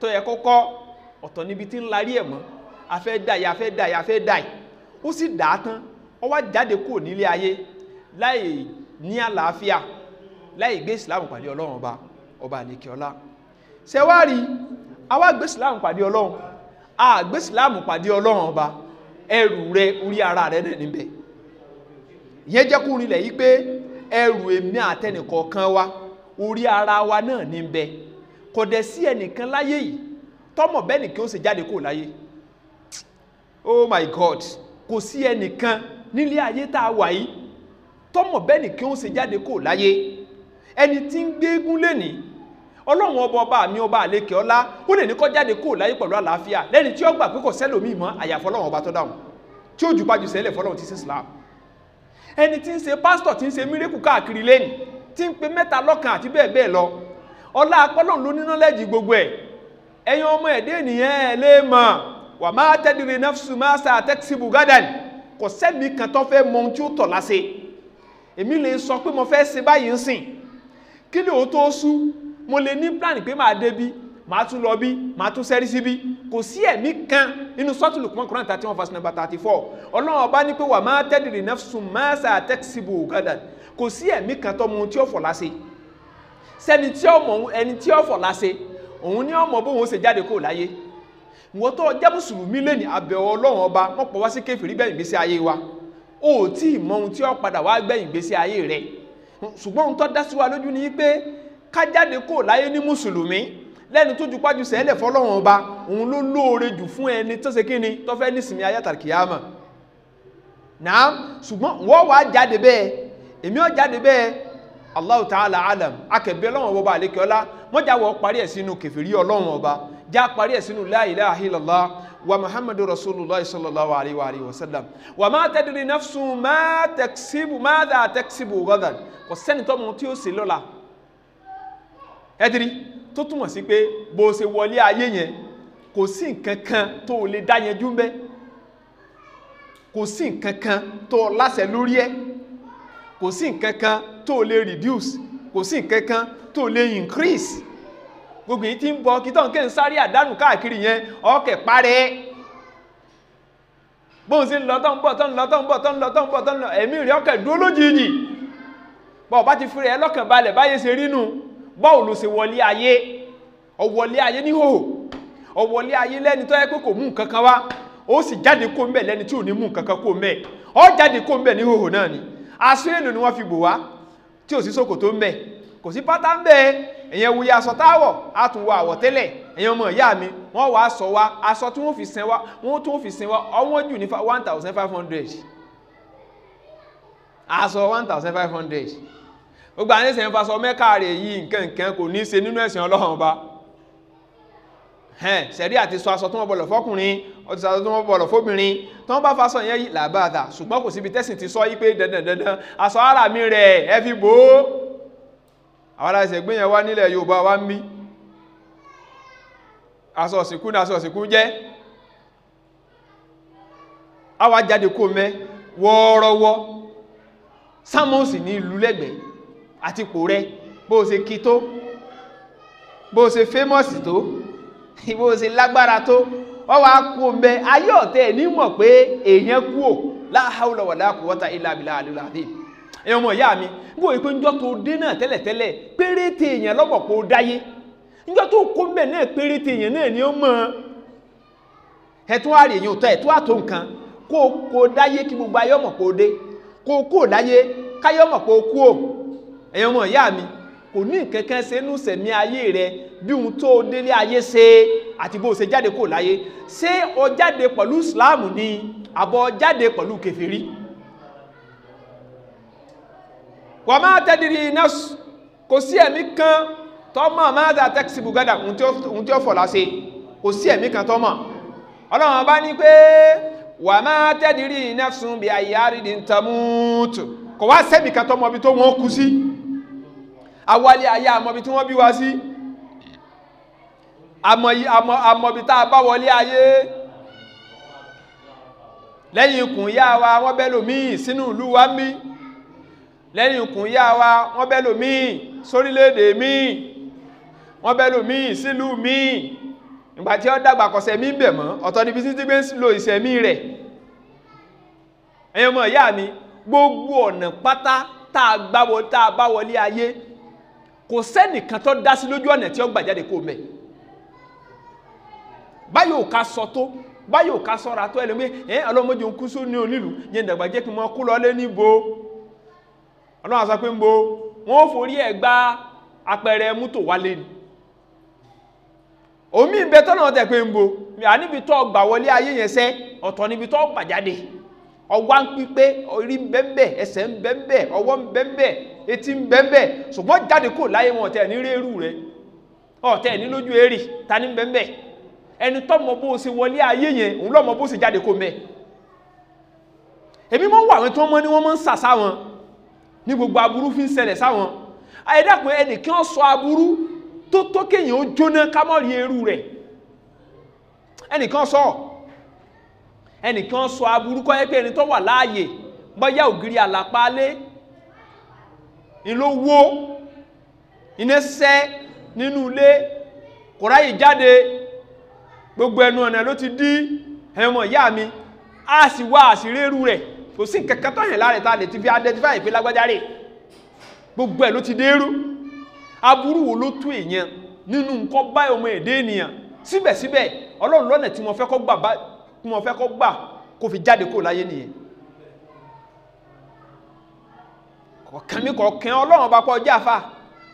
Speaker 1: tó yẹ kọ́kọ́ ọ̀tọ̀ níbi tí ń larí ẹ̀ mọ́ afẹ́ dàì afẹ́ dàì afẹ́ dàì ó sì dàá tán ọ wá jáde kúrò nílé ayé láì ní àlàáfíà láì gbé islam pàdé ọlọ́run ọba ọba àlekè ọlá ṣẹwárí àwa gbé islam pàdé ọlọ́run a gbé islam pàdé ọlọ́run ọba ẹrù rẹ orí ara rẹ náà níbẹ̀ ìyẹn jẹ́ kó rinlẹ̀ yí pé ẹrù èmi àtẹnìkọ̀ọ̀kan wa orí ara wa náà níbẹ̀ kò dẹ̀ sí ẹnìkan láyé yìí tọ́mọ̀ bẹ́ẹ̀ nìkan ó sì jáde kó láyé oh my god kò sí ẹnìkan nílé ayé tá a wà yìí tọ́mọ̀ bẹ́ẹ̀ ni kí ó ṣe jáde kò láyé ẹni tí ń gbé eégún lẹ́ni ọlọ́run ọba ọba mi ọba àlékè ọlá ó lè ní kó jáde kò láyé pẹ̀lú àlàáfíà lẹ́ni tí ó gbà pé kò sẹ́lòmíì mọ́ àyàfọ́ ọlọ́run ọba tó dáhùn tí ó jù pàjù sẹ́lẹ̀ fọlọ́run ti sí Islam ẹni tí ń ṣe pásítọ̀ tí ń ṣe mírèkù káàkiri lẹ́ni tí ń pe mẹ́ta lọ́kan àti bẹ́ẹ̀ bẹ́ẹ̀ lọ ọlá apọ́lọ́run ló níná lẹ́jì gbogbo ẹ̀ ẹ̀yin ọmọ ẹ̀dẹ́ ènìyàn ẹ̀ lè mọ̀ wà máa tẹ́dìrì náfṣù máa sa àtẹ́kṣì bùgádàn kò sẹ́mi kan tó fẹ́ mọ ohun tí ó tọ̀ láṣẹ èmi lè sọ pé mo fẹ́ se báyìí ń sìn kí lè ó tó sú mo lè ní plan pé máa dé bí máa tún lọ bí máa tún sẹ́rí sí bí kò sí ẹ̀mí kan nínú sọ́tù Lukman Quran thirty one verse number thirty four ọlọ́run ọba ní pé wà máa tẹ́dìrì nafsun máa sa àtẹ́kìsìbò gàdà kò sí ẹ̀mí kan tó mọ ohun tí ó fọ̀ láṣẹ sẹ́ni tí ó mọ ẹni tí ó fọ̀ láṣẹ òun ni ó mọ bóun ó ṣe jáde kó láyé wọ́n tó jẹ́ mùsùlùmí lẹ́ni àbẹ̀wò ọlọ́run ọba wọ́n pọ̀ wá sí kèfèrí bẹ́ẹ̀ ìgbésí ayé wa o ò tí ì mọ ohun tí ó padà wá gbẹ̀yìn gbèsè ayé rẹ̀ ṣùgbọ́n ohun tó dá sí wa lójú ni pé ká jáde kó láyé ní mùsùlùmí lẹ́ni tó ju pájú sẹ́lẹ̀ fọlọ́run ọba òun ló lóore jù fún ẹni tó ṣe kíni tó fẹ́ nísìnyí ayátàkìyàmà náà ṣùgbọ́n wọ́n wàá jáde bẹ́ẹ̀ èmi ò jáde bẹ́ẹ̀ Allahu ta'ala alam akẹ̀bẹ́ ọlọ́run ọba àlékè ọlá mọ́jà wọ́n parí ẹ̀ sínú kẹfìrí ọlọ́run ọba já parí ẹ̀ sínú la ilaha illallah wa muhammadu rasulillah sallallahu alayhi wa sallam wa ma tadiri nafsu ma taksibu ma da taksibu gadan kò sẹ́ni tó mọ̀ tí ó ṣe lọ́la ẹ̀dìrí tó túmọ̀ sí pé bó ṣe wọlé ayé yẹn kò sí nǹkan kan tó lè dá yẹn jú mbẹ́ kò sí nǹkan kan tó láṣẹ lórí ẹ̀ kò sí nǹkan kan tó lè reduce kò sí nǹkan kan tó lè increase gbogbo èyí tí ń bọ kí tọ́nkẹ́ ń sáré àdánù káàkiri yẹn ọkẹ̀ parẹ́ bóun sí ń lọ tọ́ ń bọ̀ tọ́ ń lọ tọ́ ń bọ̀ tọ́ ń lọ tọ́ ń bọ̀ tọ́ ń lọ ẹ̀mí rẹ̀ ọkẹ̀ dúró lójijì bọ́ọ̀ bá ti fi rẹ̀ lọ́kàn balẹ̀ báyé ṣe rínú bọ́ọ̀ ló ṣe wọlé ayé ọwọlé ayé níhòhò ọwọlé ayé lẹ́ni tó yẹ pé kò mú nǹkan kan wá ó sì jáde kó ń bẹ̀ lẹ́ni tí ò ní mú nǹkan kan kó ń bẹ̀ jáde kó ń bẹ̀ níhòhò náà ni aṣọ ni wọ́n fi bò wá tí ò sí ṣòkòtò ń bẹ̀ kò sí pátá ń ìyẹn wuyi aṣọ táwọ̀ á tún wọ àwọ̀tẹ́lẹ̀ ìyẹn ọmọ ìyá mi wọ́n wàá sọ wa aṣọ tí wọ́n fi sin wa wọ́n tún fi sin wa ọwọ́n jù ní one thousand five hundred aṣọ one thousand five hundred gbogbo àwọn ẹsẹ̀ ń fa sọ mẹ́ka rẹ̀ yìí nǹkan nǹkan kò ní í ṣe nínú ẹ̀sìn ọlọ́run ọba hẹ́n sẹ̀rí àti sọ aṣọ tó wọ́n bọ̀lọ̀ fọ́kùnrin ọtí sọ aṣọ tó wọ́n bọ̀lọ̀ fóbìnrin tó wọ́n bá faṣọ yẹn yìí làbáàdà ṣùgbọ́n kò síbi tẹ́sìn ti sọ yí pé dandan aṣọ ara mi rẹ̀ ẹ fi bò ó àwọn aláṣẹ̀gbé yẹn wá nílẹ̀ Yorùbá wá ń bí aṣọ òsìnkú ní aṣọ òsìnkú a àwa jáde kó mẹ́ wọ́ọ́rọ́wọ́ sámọ́sì ní ìlú lẹ́gbẹ̀ẹ́ àti pò rẹ bó ṣe kí tó bó ṣe fẹ́mọ́sì tó [LAUGHS] bó ṣe lágbára tó wọ́n wá kú mẹ́ ayé ọ̀tẹ́ ní mọ̀ pé èèyàn kú ò la hawla wala quwwata illa billahi ẹ ọmọ ìyá mi bó ìpé njọ́ tó dé náà tẹ́lẹ̀tẹ́lẹ̀ péréte èèyàn lọ́mọ̀ kó dáyé njọ́ tó kó mbẹ̀ náà péréte èèyàn náà ni ó mọ̀ ẹ̀tún àrè èèyàn tọ́ ẹ̀tún àtò nǹkan kó kó dáyé kí gbogbo ayé ọmọ kó dé kó kó dáyé káyé ọmọ kó kú ò ẹ̀yàn ọmọ ìyá mi kò ní nǹkan kan ṣe nú sẹ̀mí ayé rẹ bí ohun tó délé ayé ṣe àti bó ṣe jáde kó láyé ṣé o pẹ̀lú Islam ni àbọ̀ jáde pẹ̀lú kèfèrí wà máa tẹ́dìrì iná kò sí ẹ̀mí kan tọ́mọ̀ máa dà tẹ́kisì bùgádà ohun tí ó fọ̀lá sí kò sí ẹ̀mí kan tọ́mọ̀ ọlọ́run bá ní pé wà máa tẹ́dìrì iná sùn bí ayé àrídì ń tamúùtù kò wá sẹ́mì kan tọ́mọ̀ bí tó wọ́n kú sí awálé ayé àmọ́bi tí wọ́n bí wá sí àmọ́bi tá a bá wọlé ayé lẹ́yìn ikùn yá wa wọ́n bẹ́lòmíì sínú ìlú wa ń lẹ́yìn ikùn yá wa wọ́n bẹ́lò míì sórílẹ̀-èdè míì wọ́n bẹ́lò míì sílùú míì ìgbàtí ó dàgbà mí bẹ̀ mọ́ ọ̀tọ̀ níbi tí gbé lo ìsẹ̀mí rẹ̀ ẹ̀yọ́ mọ̀ ìyá mi gbogbo ọ̀nà pátá tá a gbáwọ tá a bá wọlé ayé kò sẹ́nìkan tó dá sí lójú ọ̀nà tí ó gbà jáde kó mẹ́ báyìí ò ká sọ tó báyìí ò ká sọ́ra tó ẹlẹ́gbẹ́ ẹ̀ ọlọ́mọdé ń kú sóní onílù yẹn dàgbà jẹ́ kí wọ́n kú lọ lé níbo ọlọ́run sọ pé ń bo wọ́n forí ẹ̀ gbá apẹ̀rẹ̀ mútò wálé ni omi ìbẹ̀ tọ́nà ọ̀tẹ̀ pé ń bo a níbi tó gbà wọlé ayé yẹn sẹ́ ọ̀tọ̀ níbi tó gbà jáde ọwá ń pípé orí ń bẹ́ńbẹ́ ẹsẹ̀ ń bẹ́ńbẹ́ ọwọ́ ń bẹ́ńbẹ́ etí ń bẹ́ńbẹ́ ṣùgbọ́n jáde kò láyé wọn ọ̀tẹ̀ ní rérú rẹ ọ̀tẹ̀ ní lójú erì ta ní bẹ́ńbẹ́ ẹni tọ́mọ bó ṣe wọlé ayé yẹn òun lọ́mọ bó ṣe jáde kò mẹ́ èmi mọ́ wà wọn tó mọ́ ní wọ́n mọ́ ń sàsá wọn ní gbogbo aburú fi ń ṣẹlẹ̀ sáwọn ẹ̀dàkùn ẹnì kí wọ́n sọ aburú tó tó kéèyàn ó jóná kámọ́rí eru rẹ̀ ẹnìkan sọ ẹnìkan sọ aburú kọ́ pé ẹni tó wà láàyè bọ́yá ògiri àlàpálé ìlówó iná sẹ́ nínú ilé kò ráyè jáde gbogbo ẹnu ọ̀nà ló ti dí ẹmọ ìyá mi a sì wá àṣírérú rẹ̀ kò sí nǹkankan tó hàn láàrin tá a lè ti fi identify ìpè lágbájá rè gbogbo ẹ̀ ló ti dérú aburú wo ló tó èèyàn nínú nǹkan báyìí ọmọ èdè ènìyàn síbẹ̀síbẹ̀ ọlọ́run lọ́nà tí mo fẹ́ kó gbà tí mo fẹ́ kó gbà kó fi jáde kó láyé nìyẹn kọ̀ọ̀kan mi kọ̀ọ̀kan ọlọ́run bá pọ̀ ọjọ́ àfà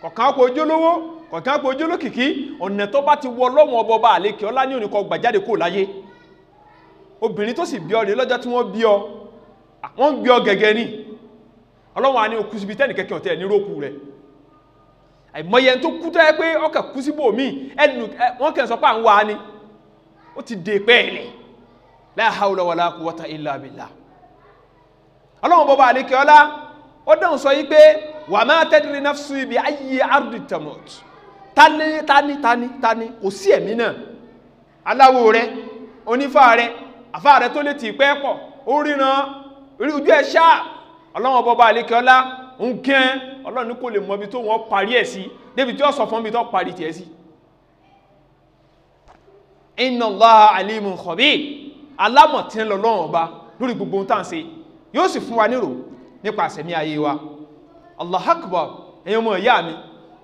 Speaker 1: kọ̀ọ̀kan ọkọ̀ ojúlówó kọ̀ọ̀kan ọkọ̀ ojúlókìkí ọ̀nà tó bá ti wọ ọlọ́run ọba ọba àlekè ọlá ní òní kó gbà jáde kó láyé obìnrin tó sì bí ọ rèé lọ́jọ́ tí wọ́n bí ọ wọ́n ń gbé ọ gẹ̀gẹ̀ ní ọlọ́wọ́n a ní okú síbi tẹ́nì kẹ́kẹ́ ọ̀tẹ́ ní rókù rẹ̀ àìmọye tó kú tó pé ọkà kú síbò míì ẹnu wọ́n kẹ́ sọ pé à ń wá ní ó ti dè pẹ́ẹ̀lẹ̀ la hawla wala quwwata illa bi ardi tani tani tani tani pẹ́ pọ̀ ó orí ojú ẹ̀ ṣáà ọlọ́run ọba àlékẹ́ ọlá ń kẹ́ ọlọ́run ní kò lè mọ ibi tó wọ́n parí ẹ̀ sí débi tí ó sọ fún mi tó parí tiẹ̀ sí inna Allaha alimun khabir alámọ̀tí ń lọ lọ́run ọba lórí gbogbo ohun tá à ń ṣe yóò sì fún wa nírò nípa àṣẹ̀mí ayé wa Allah akbar ẹ̀yin ọmọ ìyá mi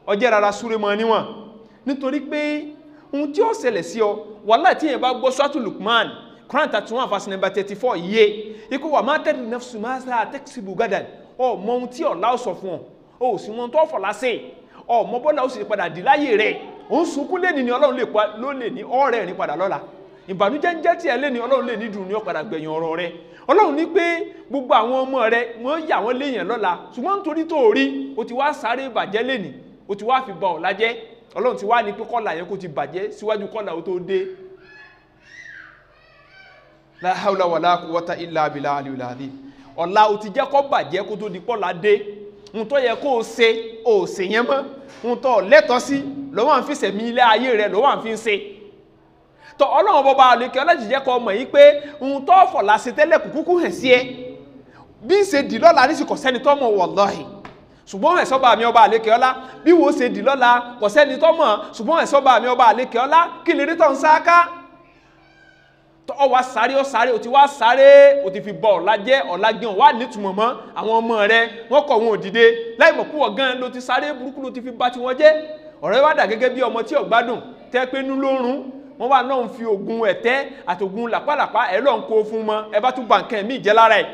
Speaker 1: ọjẹ́ rárá súré mọ́ níwọ̀n nítorí pé ohun tí ó ṣẹlẹ̀ sí ọ wàhálà tí èèyàn bá gbọ́ sọ́tù Quran 31 verse number four ye iko wa ma tadri nafsu ma sa taksibu gadan o mọ ohun tí ọ̀la ọ̀sọ̀ fún ọ o sì mọ ohun tó fọ̀la sí ọ mọ bọ́lá ó sì padà dì láyé rẹ̀ ó ń sunkún lẹ́ni ni ọlọ́run lè pa ló lè ní ọ̀rẹ́ rìn padà lọ́la ìbànújẹ́ ń jẹ́ tí ẹ lé ní ọlọ́run lè ní dùn ní ọ̀padà gbẹ̀yìn ọ̀rọ̀ rẹ ọlọ́run ní pé gbogbo àwọn ọmọ rẹ wọ́n yà wọ́n léèyàn lọ́la ṣùgbọ́n nítorí tó rí o ti wá sáré bàjẹ́ lẹ́nìí o ti wá fi ba ọ̀la jẹ́ ọlọ́run ti wá ní pé kọ́la yẹn kó ti bàjẹ́ síwájú kọ́la o tó dé la hawla wala quwwata illa billah aliyul azim ọ̀la ò ti jẹ́ kó bàjẹ́ kó tó di pọ́lá dé ohun tó yẹ kó o ṣe o ò ṣe yẹn mọ́ ohun tó lẹ́tọ́ sí ló wà ń fi sẹ̀mí ilé ayé rẹ ló wà ń fi ṣe tọ ọlọ́run bọba àlekẹ́ ọlẹ́jìjẹ́ kọ mọ̀ yí pé ohun tó fọ̀lá ṣe tẹ́lẹ̀ kúkú hàn sí ẹ bí ń ṣe dì ní sì sẹ́ni tó mọ̀ wallahi ṣùgbọ́n ẹ̀sọ́ bá mi ọba àlékè ọlá bí wo ṣe dì lọ́la kò mọ̀ ṣùgbọ́n ẹ̀sọ́ bá mi ọba àlékè ọlá kí lè rí tọ́ ń sáká ọ wá sáré ọ sáré o ti wá sáré o ti fi bọ ọ̀làjẹ́ ọ̀làgẹ́hàn wá nítumọ̀ mọ́ àwọn ọmọ rẹ wọ́n kọ̀ wọn ò dìde láì mọ̀ kúwọ̀ gan ló ti sáré burúkú ló ti fi bà tiwọn jẹ́ ọ̀rẹ́ wá dà gẹ́gẹ́ bí ọmọ tí ò gbádùn tẹ́ pé nú ló rún wọ́n wà náà ń fi oògùn ẹ̀tẹ̀ àti oògùn làpálàpá ẹ̀ lọ́n kó fún mọ́ ẹ bá tún ba nǹkan mí jẹ́ lára ẹ̀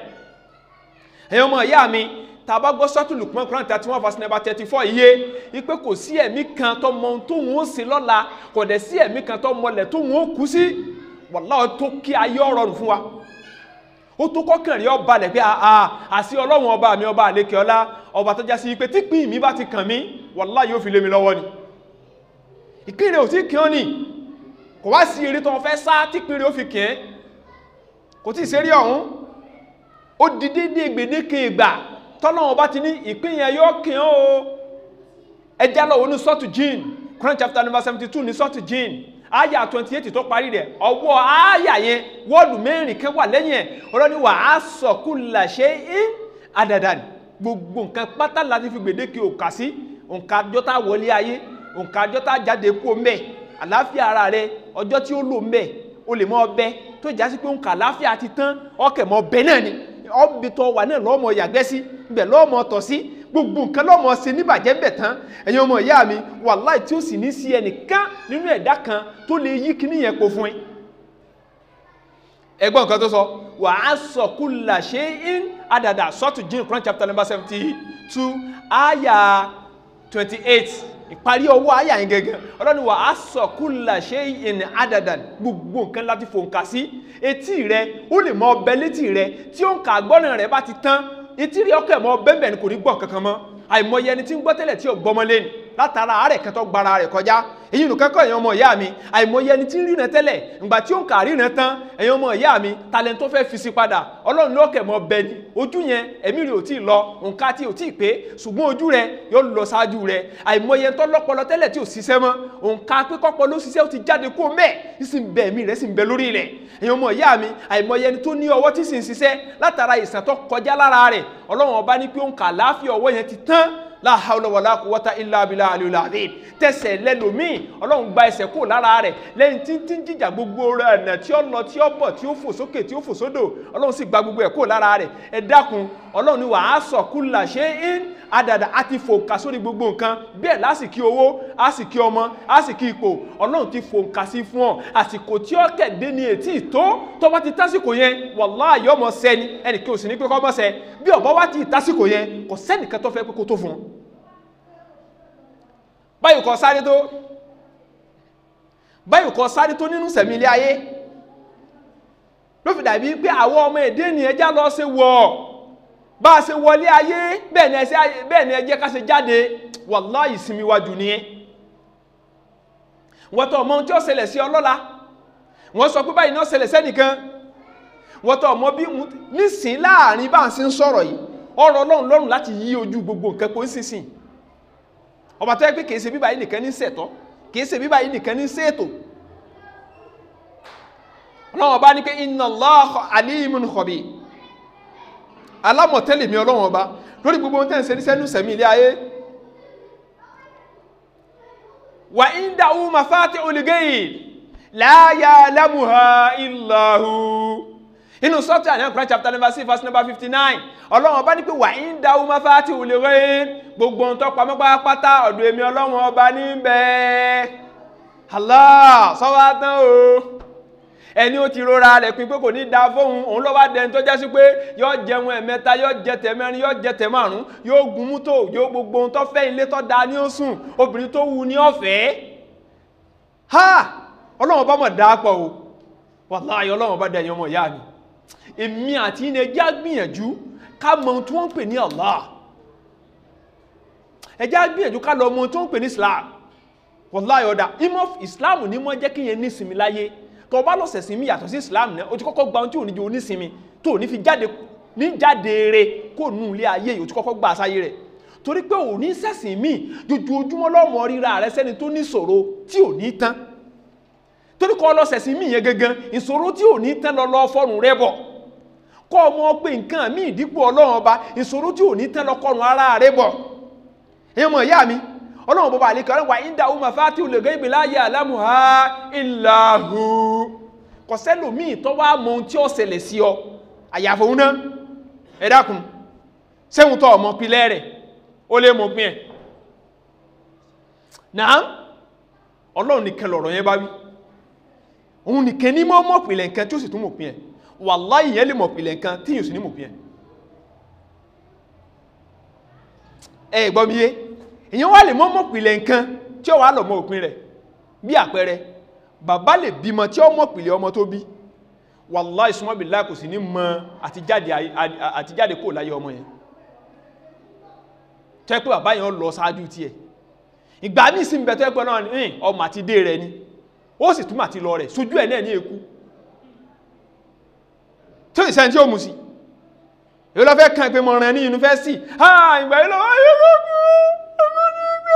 Speaker 1: ẹ̀yin ọmọ ìyá mi tá a bá gbọ́ sọ́tù lùpọ̀n kúrán thirty one verse number thirty four iye ipe kò sí ẹ̀mí kan tó mọ ohun tóun ó ṣe lọ́la kò dẹ̀ sí ẹ̀mí kan tó mọlẹ̀ tóun ó kú sí wàláhì tó kí ayé ọ̀rọ̀ fún wa ó tó kọ́kàn rí ọba lẹ̀ pé àà ah, ah, àti ọlọ́run ọba mi ọba àlékè ọlá ọba tó já sí pé tí pín mi bá ti kàn mí wàláhì yóò fi lé mi lọ́wọ́ ni ìpínrẹ̀ ò tí kí ọ́ nì kò wá sí eré tó ń fẹ́ sá tí pínrẹ̀ ó fi kì í kò tí ìṣeré ọ̀hún ó di dédé gbèdéke ìgbà tọ́lọ́run bá ti ní ìpínyẹn yóò kì í ẹjá lọ́wọ́ ní sọ́tù jean Quran chapter number seventy two ní sọ́tù jean aya twenty eight tó parí rẹ̀ ọwọ́ aya yẹn wọ́ọ̀dù mẹ́rin kan wà lẹ́yìn ẹ̀ ọ̀rọ̀ ni wà á sọ̀kú làṣẹ ń àdàdà gbogbo nǹkan pátá láti fi gbèdéke òkà sí òǹkà àjọ tá wọlé ayé òǹkà àjọ tá jáde kú mẹ́ àláfíà ara rẹ ọjọ́ tí ó lò mẹ́ o lè mọ ọbẹ̀ tó jásí pé òǹkà àláfíà ti tán ọkẹ̀ mọ ọbẹ̀ náà ni ọ́bì tó wà náà lọ́mọ yàgbẹ́ sí ibẹ̀ lọ́mọ tọ̀ sí gbogbo nǹkan lọ́mọ ṣe níbàjẹ́ bẹ̀ tán ẹ̀yin ọmọ ìyá mi wàláì tí ó sì ní sí ẹnìkan nínú ẹ̀dá kan tó lè yí kíní yẹn po fún yín ẹgbọ́n nǹkan tó sọ wà á sọ kúlà ṣe in adàdà sọ́tù jim Quran chapter number seventy two ayah twenty eight ìparí ọwọ́ ayà yìí gẹ́gẹ́ ọlọ́run wà á sọ kúlà ṣe ìní àdàdàn gbogbo nǹkan láti fòǹkà sí etí rẹ ó lè mọ ọbẹ̀ létí rẹ tí ó ń ka àgbọ́nà rẹ bá ti tán etí rẹ ọkọ̀ ẹ̀ mọ bẹ́ẹ̀ bẹ́ẹ̀ ni kò ní gbọ́ kankan mọ́ àìmọye ẹni tí ń gbọ́ tí ò gbọ́mọ látara àárẹ̀ kan tó gbara rẹ̀ kọjá èyí nù kẹ́kọ̀ọ́ ẹ̀yin ọmọ ìyá mi àìmọye ẹni tí ń ríran tẹ́lẹ̀ ǹgbà tí ó ń kà ríran tán ẹ̀yin ọmọ ìyá mi talent tó fẹ́ fi sí padà ọlọ́run lọ́kẹ̀ mọ bẹ ni ojú yẹn ẹ̀mí rẹ̀ ò tí ì lọ nǹka tí ò tí ì pé ṣùgbọ́n ojú rẹ̀ yóò lọ ṣáájú rẹ̀ àìmọye tó lọ́pọlọ tẹ́lẹ̀ tí ò ṣiṣẹ́ mọ́ nǹka pípọ́pọ́ ló ṣiṣẹ́ ó ti jáde kó mẹ́ẹ̀ ìsìn bẹ ẹ̀mí rẹ̀ sì ń bẹ lórí rẹ̀ ẹ̀yin ọmọ ìyá mi àìmọye ẹni tó ní ọwọ́ tí sì ń ṣiṣẹ́ látara ìsàn tó kọjá lára rẹ̀ ọlọ́run ọba ní pé ó ń kà láàfin ọwọ́ la hawla wala quwwata illa billahi aliyul azim tẹsẹ̀ lẹ́lòmíì ọlọ́run gba ẹsẹ̀ kó lára rẹ̀ lẹ́yìn tí tí ń jìjà gbogbo rẹ̀ ọ̀nà tí ó lọ tí ó bọ̀ tí ó fò sókè tí ó fò sódò ọlọ́run sì gba gbogbo ẹ̀ kó lára rẹ̀ ẹ ọlọ́run ni wàá sọ kúlà ṣe ń adàdà àti fòǹkà sórí gbogbo nǹkan bẹ́ẹ̀ lásìkí owó àsìkí ọmọ àsìkí ipò ọlọ́run ti fòǹkà sí fún ọ àsìkò tí ó kẹ̀dé ni ètí tó tó bá ti tásìkò yẹn wàláhì ọmọ sẹ́ni ẹnì kí o sì ní pé kọ́ bọ́ sẹ́ bí ọ̀bọ wá ti tásìkò yẹn kò sẹ́nìkan tó fẹ́ pé kó tó fún un báyìí kọ sáré tó báyìí kọ sáré tó nínú sẹ̀mí ilé ayé ló fi dàbí pé àwọn ọmọ èdè ènìyàn já lọ sí wọ̀ọ́ bá a ṣe wọlé ayé bẹ́ẹ̀ ni ẹ jẹ́ ká ṣe jáde wàláhì ìsinmi wájú ni ẹ́ wọ́n tọ̀ ọmọ ohun tí ó ṣẹlẹ̀ sí ọlọ́la wọ́n sọ pé báyìí ni ó ṣẹlẹ̀ sẹ́nìkan wọ́n tọ̀ ọmọ bí nísìn láàrin bá a ṣe ń sọ̀rọ̀ yìí ọ̀rọ̀ ọlọ́run lọ́rùn láti yí ojú gbogbo nǹkan kó ń alámọ̀tẹ́lẹ̀ mi ọlọ́run ọba lórí gbogbo ohun tẹ́ ń ṣe níṣẹ́ nù sẹ́mi ilé ayé wà ń dáwó mafáti olùgẹ́yì láyà lámùhà ìlàhù inú sọ́tí àná Quran chapter number six verse number fifty nine ọlọ́run ọba ní pé wà ń dáwó mafáti olùgẹ́yì gbogbo ohun tó pamọ́ pátá ọ̀dọ̀ èmi ọlọ́run ọba níbẹ̀ Allah sọ́wọ́ tán o ẹni ó ti rora rẹ̀ pin pé kò ní da fóun òun ló wá dẹni tó jásí pé yóò jẹun ẹ̀mẹ́ta yóò jẹ tẹ̀mẹ́rin yóò jẹ tẹ̀márùn yóò gun mú tó yóò gbogbo ohun tó fẹ́ ilé tó da ní ó obìnrin tó wu ní ọ̀fẹ́ ha ọlọ́run bá mọ̀ dá pọ̀ o wàláyé ọlọ́run bá dẹ̀yìn ọmọ ìyá mi èmi àti ilẹ̀ jẹ́ gbìyànjú ká mọ ohun tí wọ́n ń pè ní Allah ẹjẹ́ gbìyànjú ká lọ mọ ohun tí wọ́n ń pè ní Islam wàláyé ọ̀dà imọ̀ Islam ní mọ́ jẹ́ kíyẹn nísìmí láyé tó bá lọ sẹ̀sìn mi yàtọ̀ sí islam náà o ti kọ́kọ́ gba ohun tí ò ní jẹ́ onísinmi tó ò ní fi jáde ní jáde rẹ̀ kó nù ilé ayé yìí o ti kọ́kọ́ gba àsáyé rẹ̀ torí pé ò ní sẹ̀sìn mi jojoojúmọ́ lọ́mọ ríra rẹ sẹ́ni tó ní ìṣòro tí ò ní tán torí kọ́ lọ sẹ̀sìn mi yẹn gangan ìṣòro tí ò ní tán lọ lọ fọ́rùn rẹ bọ̀ kọ́ ọmọ pé nǹkan mi ìdípò ọlọ́run ọba ìṣòro tí ò ní tán lọ kọrùn ara rẹ bọ̀ ẹ̀yàn ìyá mi ọlọ́run bọ́bá àlékè ọlọ́run wà ìdá ọmọ fàtí olùgbé ìbílá yà lámùhá ìlàhù kò sẹ́lòmíì tó wá mọ ohun tí ó ṣẹlẹ̀ sí ọ àyàfò ń ná ẹ dákun sẹ́hun tó ọmọ pilẹ̀ rẹ̀ ó lè mọ̀ pín ẹ̀ náà ọlọ́run nìkan yé èyàn wà lè mọ́ mọ̀ pìlẹ̀ nǹkan tí ó wà lọ mọ́ òpin rẹ̀ bí àpẹẹrẹ bàbá lè bímọ tí ó mọ̀ pìlẹ̀ ọmọ tó bí wallahi summa billahi kò sí ní mọ àtijáde kò láyé ọmọ yẹn tẹ́ pé bàbá yẹn lọ sáájú tí ẹ̀ ìgbà ní ìsìn bẹ̀ tẹ́ pẹ́ náà ní ọmọ àti dé rẹ̀ ni ó sì túmọ̀ àti lọ rẹ̀ sójú ẹ̀ náà ní eku tí ó sì sẹ́ni tí ó mú sí èyí lọ fẹ́ kan pé mọ̀ràn ní yunifásitì ah ìgbà yìí lọ ayé gbogbo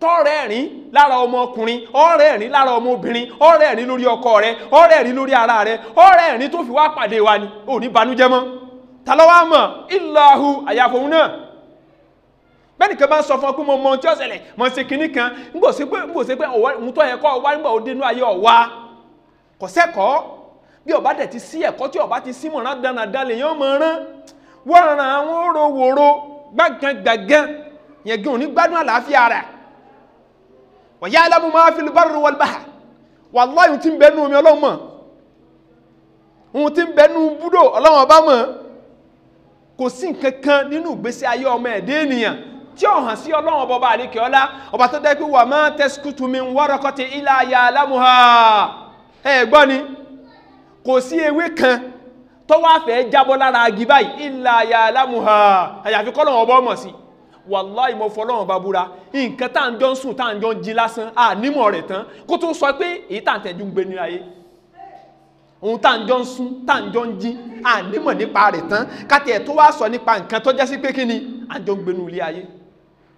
Speaker 1: tọ́ọ̀rẹ́ ẹ̀rín lára ọmọkùnrin ọ̀rẹ́ ẹ̀rín lára ọmọbìnrin ọ̀rẹ́ ẹ̀rín lórí ọkọ rẹ ọ̀rẹ́ lórí ara rẹ ọ̀rẹ́ tó fi wá pàdé wa ni ò ní ìlàhù náà bá ń sọ fún mọ tí ó ṣẹlẹ̀ sí kan ń pé ń ọba dẹ̀ ti sí ẹ̀kọ́ ọba ti sí mọ̀ràn mọ̀ rán wọ́n ran àwọn wa ya'lamu ma fil barri wal bahri wallahi tí ń bẹ nú omi ọlọ́run mọ̀ ohun tí ń bẹ nú búdò ọlọ́run ọba mọ̀ kò sí nǹkan kan nínú ìgbésí ayé ọmọ ẹ̀dẹ́ ènìyàn tí ó hàn sí ọlọ́run ọba àríkẹ́ ọlá ọba tó dẹ́ pé wa ma tasqutu min waraqatin illa ya'lamuha ẹ gbọ́ ni kò sí ewé kan tó wá jábọ́ lára agi báyìí illa ya'lamuha àyàfi kọ́lọ́run ọba ọmọ sí i wàláì mo fọlọ́run bá búra nǹkan tá à ń jọ ń sùn tá à ń jọ ń jí lásán ànímọ̀ rẹ̀ tán kó tó sọ pé èyí tá à ń tẹ̀jú ń gbé ní ayé ohun tá à ń jọ ń sùn tá à ń jọ ń jí ànímọ̀ nípa rẹ̀ tán káti ẹ̀ tó wá sọ nípa nǹkan tó jásí pé kí ni à ń jọ ń gbé ní ilé ayé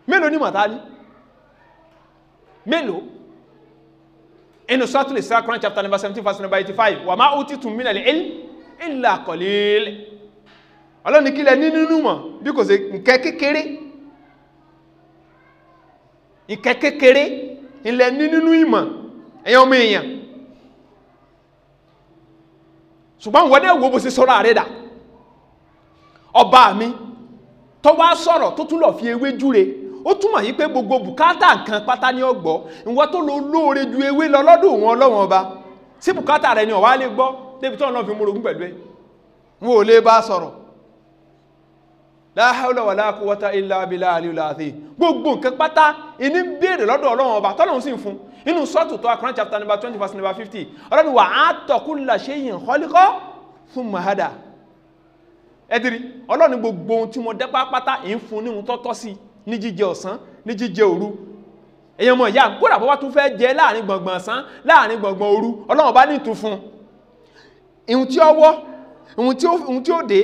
Speaker 1: mélòó ni màtá ni mélòó inú suratul Isra Quran chapter number seventeen verse number eighty-five wa ma utitum minal ilm illa qalil ọlọ́ni kílẹ̀ ní nínú mọ̀ bí kò ṣe nǹkan kékeré ìkẹ́ kékeré ilẹ̀ ní nínú ìmọ̀ ẹ̀yàn ọmọ èèyàn ṣùgbọ́n wọ́n dẹ̀ wo bó ṣe sọ́rọ̀ àrẹ́dà ọba mi tó wá sọ̀rọ̀ tó tún lọ fi ewé júre ó túmọ̀ yí pé gbogbo bùkátà nǹkan pátá ní ọgbọ́ ìwọ́n tó lo lóore ju ewé lọ lọ́dọ̀ wọn ọlọ́wọ́n ọba sí bùkátà rẹ̀ ni ọ̀wá lè gbọ́ débi tó ń lọ fi múrogún pẹ̀lú ẹ̀ wọn ò lè bá sọ̀rọ̀ la hawla wala quwwata illa billahi aliyu láti gbogbo nǹkan pátá ìní ń béèrè lọ́dọ̀ ọlọ́run ọba tọ́lọ́run sì ń fún inú sọ́ọ̀tù akọrin chapter number twenty verse number fifty ọlọ́run wà á tọ̀kú la shay'in khaliqa thumma hada ẹ̀dìrí ọlọ́run gbogbo ohun tí mo dẹ́ pátá ń fún ní ohun tọ́tọ́ sí ní jíjẹ ọ̀sán ní jíjẹ òru èèyàn mọ̀ ìyá kódà bó bá tún fẹ́ jẹ láàrin gbọ̀ngbọ̀n ọ̀sán láàrin gbọ̀ngbọ̀n òru ọlọ́run bá ní ìtún fún ohun tí ọwọ́ ohun tí ó dé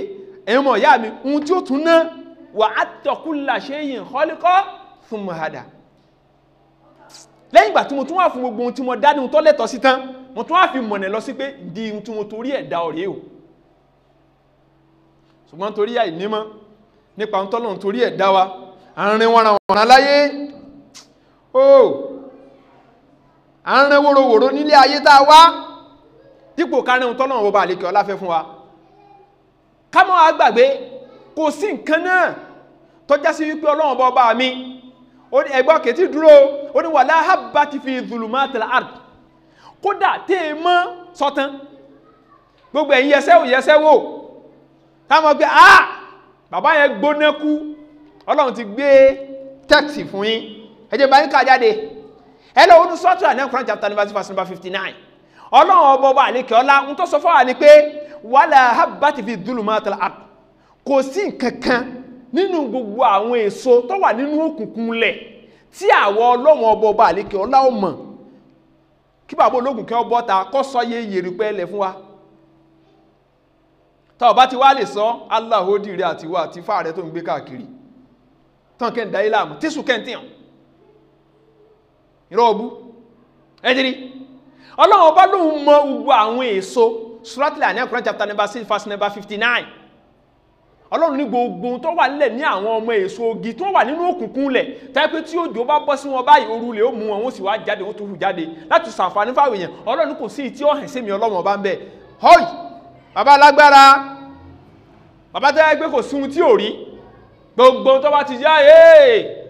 Speaker 1: ẹ̀yin mọ̀ ìyá mi ohun tí ó tún ná wà á tọ̀kú làṣẹ yìí kọ́líkọ́ fún mọ̀ àdá lẹ́yìn ìgbà tí mo tún wà fún gbogbo ohun tí mo dá ní ohun tó lẹ́tọ̀ sí tán mo tún wà fi mọ̀nà lọ sí pé di ohun tí mo torí ẹ̀ da ọ̀rẹ́ o ṣùgbọ́n torí àìnímọ̀ nípa ohun tọ́lọ́run torí ẹ̀ dá wa àárín wọn ràn láyé o àárín wòrowòro nílé ayé tá a wá dípò ọlá fẹ́ fún wa kámọ́ agbàgbé kò sí nǹkan náà tọ́já sí wípé ọlọ́run bọ́ bá mi ẹgbọ́ kẹtí dúró ó ní wala habbati fi dhulumatil ard kódà tẹ́ ẹ mọ́ sọ́tán gbogbo ẹ̀yin yẹsẹ́ wò yẹsẹ́ wò táwọn gbé a bàbá yẹn gbóná kú ọlọ́run ti gbé tẹ́ẹ̀tì fún yín ẹjẹ́ bá yín kà jáde ẹ lọ wọnú sọ́tún àná Quran chapter verse number fifty nine ọlọ́run ọba ọba àlekè ọlá ń tó sọ fọ́ wa ni pé wàlà habati fi dhulumatil ard kò sí nǹkan kan nínú gbogbo àwọn èso tó wà nínú òkùnkùn lẹ̀ tí àwọn ọlọ́wọ́n ọba ọba àlékè ọlá ò mọ̀ kí bàbá ológun kẹ́ ọ bọ́ta kọ́ sọ yé yèrè pẹ́ẹ́lẹ̀ fún wa tá ọba ti wá lè sọ aláhódì rẹ àti wà àti fáà rẹ tó ń gbé káàkiri tán kẹ́ ń da ilé àmú tíṣù kẹ́ntì hàn ìrọ̀ ọbú ẹ̀dìrí ọlọ́run ọba lóun mọ gbogbo àwọn èso suratul An'am Quran chapter number six verse number fifty nine ọlọ́run ní gbogbo tó wà nílẹ̀ ní àwọn ọmọ èso ogi tó wà nínú òkùnkùn lẹ̀ táìpé tí òjò bá bọ́ sí wọn báyìí ooru lè ó mú wọn wọ́n sì wá jáde wọ́n tó hù jáde láti ṣàǹfààní fáwọn èèyàn ọlọ́run kò sí tí ó hàn sí mi ọlọ́run ọba ń bẹ họ́ì bàbá alágbára bàbá tó pé kò sóhun tí ò rí gbogbo tó bá ti yá ee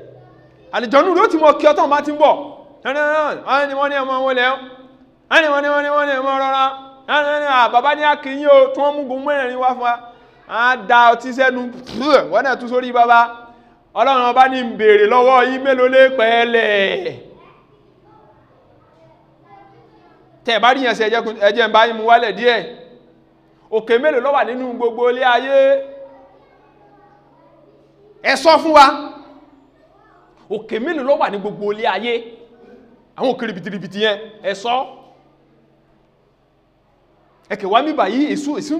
Speaker 1: àlìjọ́nù ló ti mọ kí ọtọ́ bá ti ń bọ̀ Ah, ah, bàbá ní akínyìn o tí wọ́n mú gun mẹ́rin wá fún wa a da ọtí sẹ́nu wọ́n náà tún sórí bàbá ọlọ́run ọba ní bèèrè lọ́wọ́ yín mélòó lé pẹ̀ẹ́lẹ̀ tẹ̀ bá rí yẹn sí ẹjẹ́ ń bá yín mú wálẹ̀ díẹ̀ òkè mélòó ló wà nínú gbogbo ilé ayé ẹ sọ fún wa òkè mélòó ló ní gbogbo ilé ayé àwọn òkè rìbìtìrìbìtì yẹn ẹ sọ ẹ̀kẹ̀ wá mi báyìí èṣù èṣù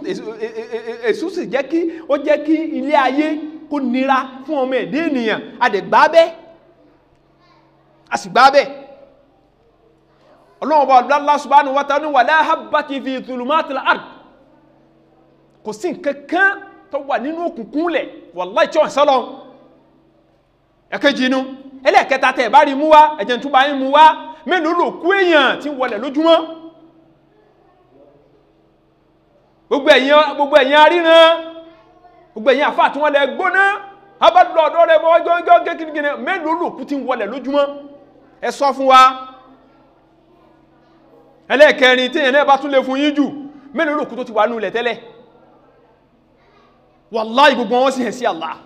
Speaker 1: èṣù sì jẹ́ kí ó jẹ́ kí ilé ayé kó nira fún ọmọ ẹ̀dẹ́ ènìyàn àdẹ̀gbá bẹ́ẹ̀ a sì gbá bẹ́ẹ̀ ọlọ́run ọba Allah subhanahu wa ta'ala ní wala habbatin fi dhulumatil ard kò sí nǹkan kan tó wà nínú òkùnkùn lẹ̀ wallahi tí wọ́n sọ́lọ́ ẹ̀kẹ́jì inú ẹlẹ́ẹ̀kẹta tẹ̀ bá rí mú wá ẹ̀jẹ̀ ń túbà yín mú wá mélòó lò kú èèyàn tí ń wọlẹ̀ lójúmọ́ gbogbo ẹ̀yin gbogbo ẹ̀yin aríran gbogbo ẹ̀yin àfáà tí wọ́n lẹ gbóná abádùn ọ̀dọ́ rẹ mọ́ ọjọ́ kékeré mélòó lòkú ti ń wọlé lójúmọ́ ẹ sọ fún wa ẹlẹ́ẹ̀kẹrin tí ẹ̀nẹ́ bá tún lè fún yín jù mélòó lòkú tó ti wà nù lẹ̀ tẹ́lẹ̀ wàláì gbogbo wọn sì hẹ̀ sí Allah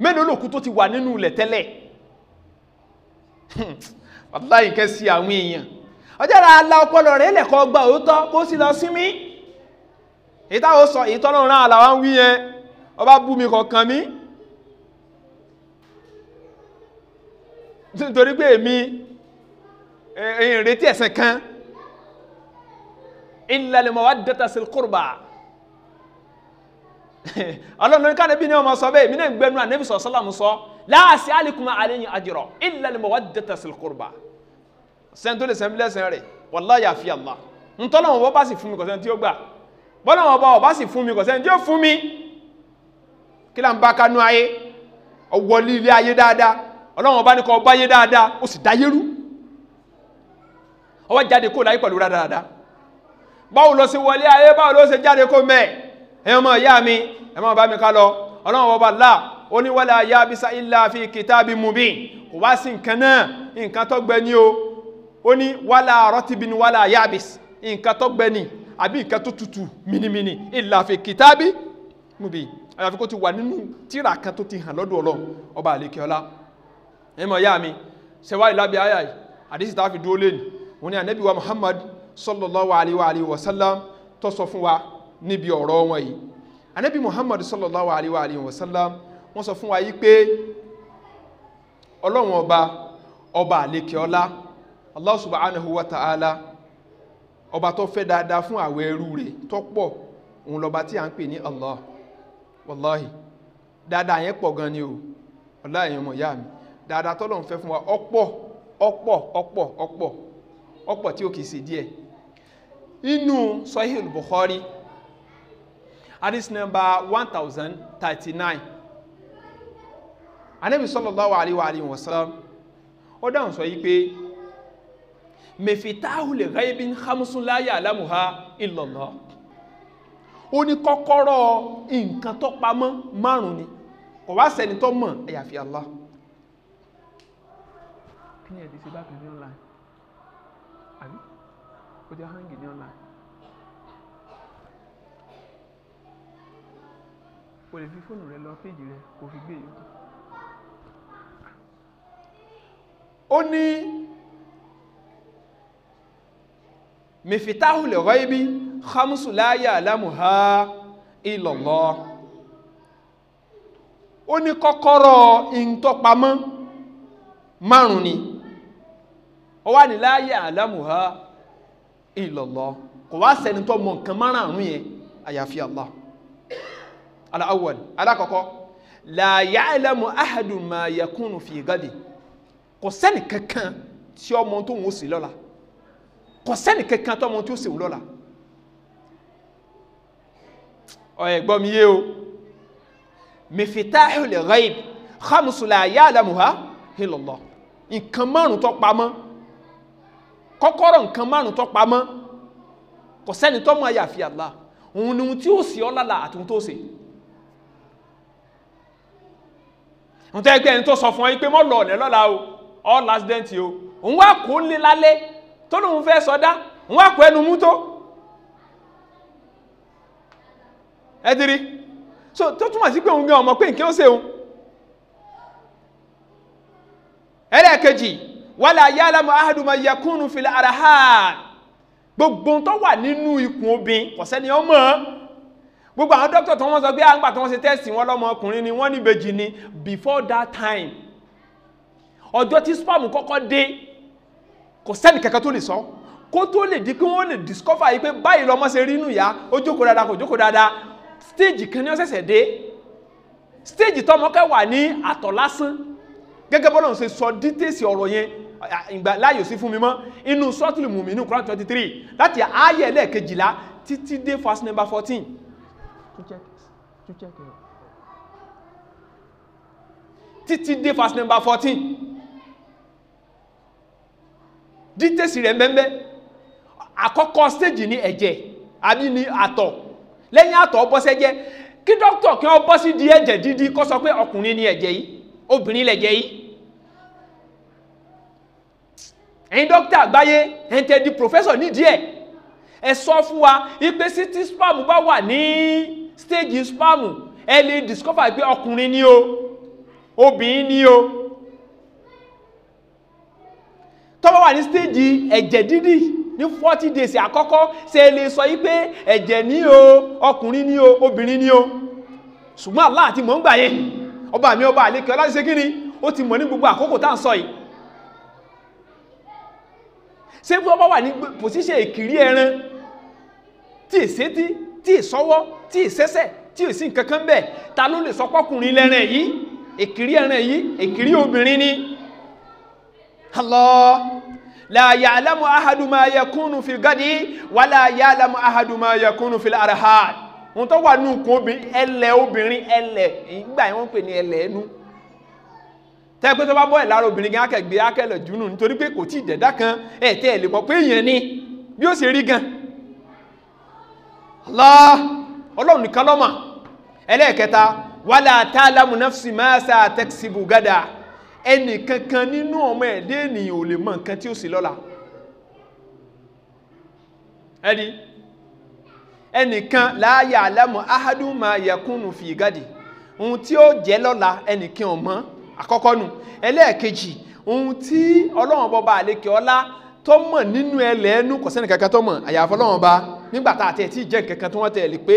Speaker 1: mélòó lòkú tó ti wà nínú lẹ̀ tẹ́lẹ̀ [LAUGHS] wàláì kẹ́ sí àwọn èèyàn ọjọ́ ra la ọpọlọ rẹ̀ lẹ̀kọ́ gba òótọ́ kó sì lọ sí mí ìtawọ̀ sọ ìtọ́lọ́run náà làwọn wí yẹn ọba bú mi kọ̀ọ̀kan mi nítorí pé èmi ìrètí ẹ̀sẹ̀ kan illa lil mawaddata sil qurba ọlọ́run ká níbi ní ọmọ sọ bẹ́ẹ̀ mi náà gbẹnu ànẹ́bìsọ̀ sọ́lámù sọ la as'alukum alayhi ajra illa lil mawaddata sil qurba sẹ́ni tó lè sẹ́mi lẹ́sẹ̀ rẹ̀ wallahi àfi Allah ń tọ́lọ́wọ́n bọ́ bá sì fún mi kọ̀sẹ́ni tí ó gbà bọ́lọ́wọ́n bọ́ bá sì fún mi kọ̀sẹ́ni tí ó fún mi kí là ń bá kanú ayé ọwọ́lé ilé ayé dáadáa ọlọ́wọ́n bá ní kọ́ báyé dáadáa ó sì dáyé rú ọwọ́ jáde kó láyé pẹ̀lú dáadáa báwo ló ṣe wọlé ayé báwo ló ṣe jáde kó mẹ́ ẹ̀yàn mọ̀ ìyá mi ẹ̀mọ́ bá mi ká lọ ọlọ́wọ́n bá láà ó ní wala yabisa illa fi kitabi mubin kò wá sí nǹkan náà nǹkan tó gbẹ ní o ó ní wàlà rọtìbìn wàlà yabis nǹkan tó gbẹni àbí nǹkan tó tutù mìnìmìnì ìlàfẹ kìtàbí mubi àyàfi kó ti wà nínú tíra kan tó ti hàn lọ́dọ̀ ọlọ́run ọba àlekè ọlá ẹ̀mọ̀ ya mi sẹ́wáì lábẹ́ àyà yìí àdísì tá a fi dúró lẹ́nu wọn ni ànábì wa muhammad sallallahu alayhi wa alayhi wa sallam tó sọ fún wa níbi ọ̀rọ̀ wọn yìí ànábì muhammad sallallahu alayhi wa alayhi wa sallam wọ́n sọ fún wa yìí pé ọlọ́run ọba ọba àlekè allah subhanahu wa ta'ala ọba tó fẹ́ dáadáa fún àwọn ẹrú rẹ̀ tó pọ̀ òun lọ́ba tí a ń pè ní allah wallahi dáadáa yẹn pọ̀ gan ni o ọ̀la èèyàn mọ̀ yá mi dáadáa tọ́lọ̀ ń fẹ́ fún wa ọ̀pọ̀ ọ̀pọ̀ ọ̀pọ̀ ọ̀pọ̀ ọ̀pọ̀ tí ó kìí ṣe díẹ̀ inú sahih bukhari hadith number one anabi sallallahu alayhi wa sallam ó dáhùn sọ yìí pé mẹ̀fìtáhù lè ghaibi hamsun la ya'lamuha illa Allah ó ní kọ́kọ́rọ́ nǹkan tó pamọ́ márùn ni kò wá sẹ́ni tó mọ̀ àyàfi Allah kí ni ẹ̀dí sí bá kàn ní ọ̀la àbí ó jẹ́ o fi fóònù rẹ lọ e. ní mifitahu lil ghaibi khamsu la ya'lamuha illallah ó ní kọ́kọ́rọ́ ìntọ́pamọ́ márùn ni ó wà ní la ya'lamuha illallah kò wá sẹ́ni tó mọ̀ nǹkan márùn-ún yẹn àyàfi Allah al-awwal alákọ̀ọ́kọ́ la ya'lamu ahadun ma yakunu fi gadi kò sẹ́ni kankan tí ọmọ tó ń wò sí lọ́la kò sẹ́ni kankan tó ọmọ tí ó ṣèwú lọ́la ọ̀yẹ̀ bon mi yé o miftahul ghaib khamsu la ya'lamuha illallah nǹkan márùn tó pamọ́ kọ́kọ́rọ́ nǹkan márùn tó pamọ́ kò sẹ́ni tó mọ̀ àyàfi Allah òun ni ohun tí ó sì ọ́ lálà àti ohun tó ṣe ohun que ẹgbẹ́ ẹni tó sọ fún ọ pé mọ́ lọ ọ̀nà lọ́la o all accident o òun wá kó ń lé tó lóun fẹ́ sọdá wọ́n àpò ẹnu mú tó ẹdìrí so tó túmọ̀ sí pé òun gan ọmọ pé nǹkan ó ṣe òun ẹlẹ́ẹ̀kejì wàlá yálàmù ahadùmá yakúnù fìlà àràhà gbogbo tó wà nínú ikùn obìn kọ̀sẹ́ni ọmọ gbogbo àwọn dókítà tó wọ́n sọ pé àgbà ah, tó wọ́n ṣe tẹ́sì wọn lọ́mọ ọkùnrin ni wọ́n ní ìbejì ni before that time ọjọ́ tí sperm kọ́kọ́ dé kò sẹ́ni kankan tó lè sọ kó tó lè di pé wọ́n lè discover yìí pé báyìí lọ́mọ ṣe rí inú ìyá ó jókòó dáadáa kò jókòó dáadáa stage kan ní ó ṣẹ̀ṣẹ̀ dé stage tọmọ kẹ wà ní àtọ̀ lásán gẹ́gẹ́ bọ́lá ṣe sọ dítèsì ọ̀rọ̀ yẹn ìgbà láàyò sí fún mi mọ́ inú sọ́tùlù mùmí inú Quran twenty three láti ààyè ẹlẹ́ẹ̀kejìlá títí dé verse number fourteen. títí dé verse number fourteen details rẹ̀ mẹ́mẹ́ àkọ́kọ́ stage ní ẹ̀jẹ̀ àbí ní àtọ̀ lẹ́yìn àtọ̀ bọ́ sẹ́jẹ̀ kí dókítà kí wọ́n bọ́ sí di ẹ̀jẹ̀ dídí kó sọ pé ọkùnrin ni ẹ̀jẹ̀ yìí obìnrin lẹ̀jẹ̀ yìí ẹ̀yin dókítà àgbáyé ẹ̀yin di professor nídìí ẹ̀ ẹ sọ fún wa ipe city sperm bá wà ní stage sperm ẹ lè discover pé ọkùnrin ni o obìnrin ni o tọ́wọ́ wà ní stéèjì ẹ̀jẹ̀ dídì ní forty days àkọ́kọ́ ṣe lè sọ yí pé ẹ̀jẹ̀ ní o ọkùnrin ní o obìnrin ní o ṣùgbọ́n Allah ti mọ̀ ń gbà yẹn ọba mi ọba àlékè ọlá ti ṣe kíni ó ti mọ̀ ní gbogbo àkókò tá à ń sọ yìí ṣé bí ọba wà ní pòṣíṣẹ́ ìkìrí ẹran tí ìṣètí tí ìṣọwọ́ tí ìṣẹ́sẹ̀ tí ò sí nǹkan kan bẹ́ẹ̀ ta ló lè sọ pọ́kùnrin lẹ́rìn yìí ìkìrí ẹran yìí ìkìrí obìnrin ni Allah la ya'lamu ahadu ma yakunu fil gadi wala ya'lamu ahadu ma yakunu fil arhad wọn tó wà nù kún obìnrin ẹlẹ obìnrin ẹlẹ ìgbà yẹn wọn pè ní ẹlẹ ẹnu tẹ́ pé tó bá bọ́ ẹ̀ lára obìnrin gan akẹgbẹ́ akẹlẹ̀ jùnú nítorí pé kò tí ì dẹ̀dá kan ẹ̀ tẹ́ ẹ̀ lè mọ̀ pé ni bí ó ṣe rí gan Allah ọlọ́run nìkan lọ́mọ ẹlẹ́ẹ̀kẹta wala ta'lamu nafsi ma sa taksibu gada ẹnì kankan nínú ọmọ ẹ̀dẹ́ ènìyàn ò lè mọ nǹkan tí ó sì lọ́la ẹni ẹnìkan láàyà alámọ̀ ahadumma yakunu fi gadi ohun tí ó jẹ́ lọ́la ẹnìkan ọmọ àkọ́kọ́ nù ẹlẹ́ẹ̀kejì ohun tí ọlọ́run bọba àlekè ọlá tó mọ̀ nínú ẹlẹ́ẹ̀nú kọ̀sẹ́nì kankan tó mọ̀ àyàfọ́ ọlọ́run ba àti ẹ̀ tí kankan tó wọ́n tẹ̀lé pé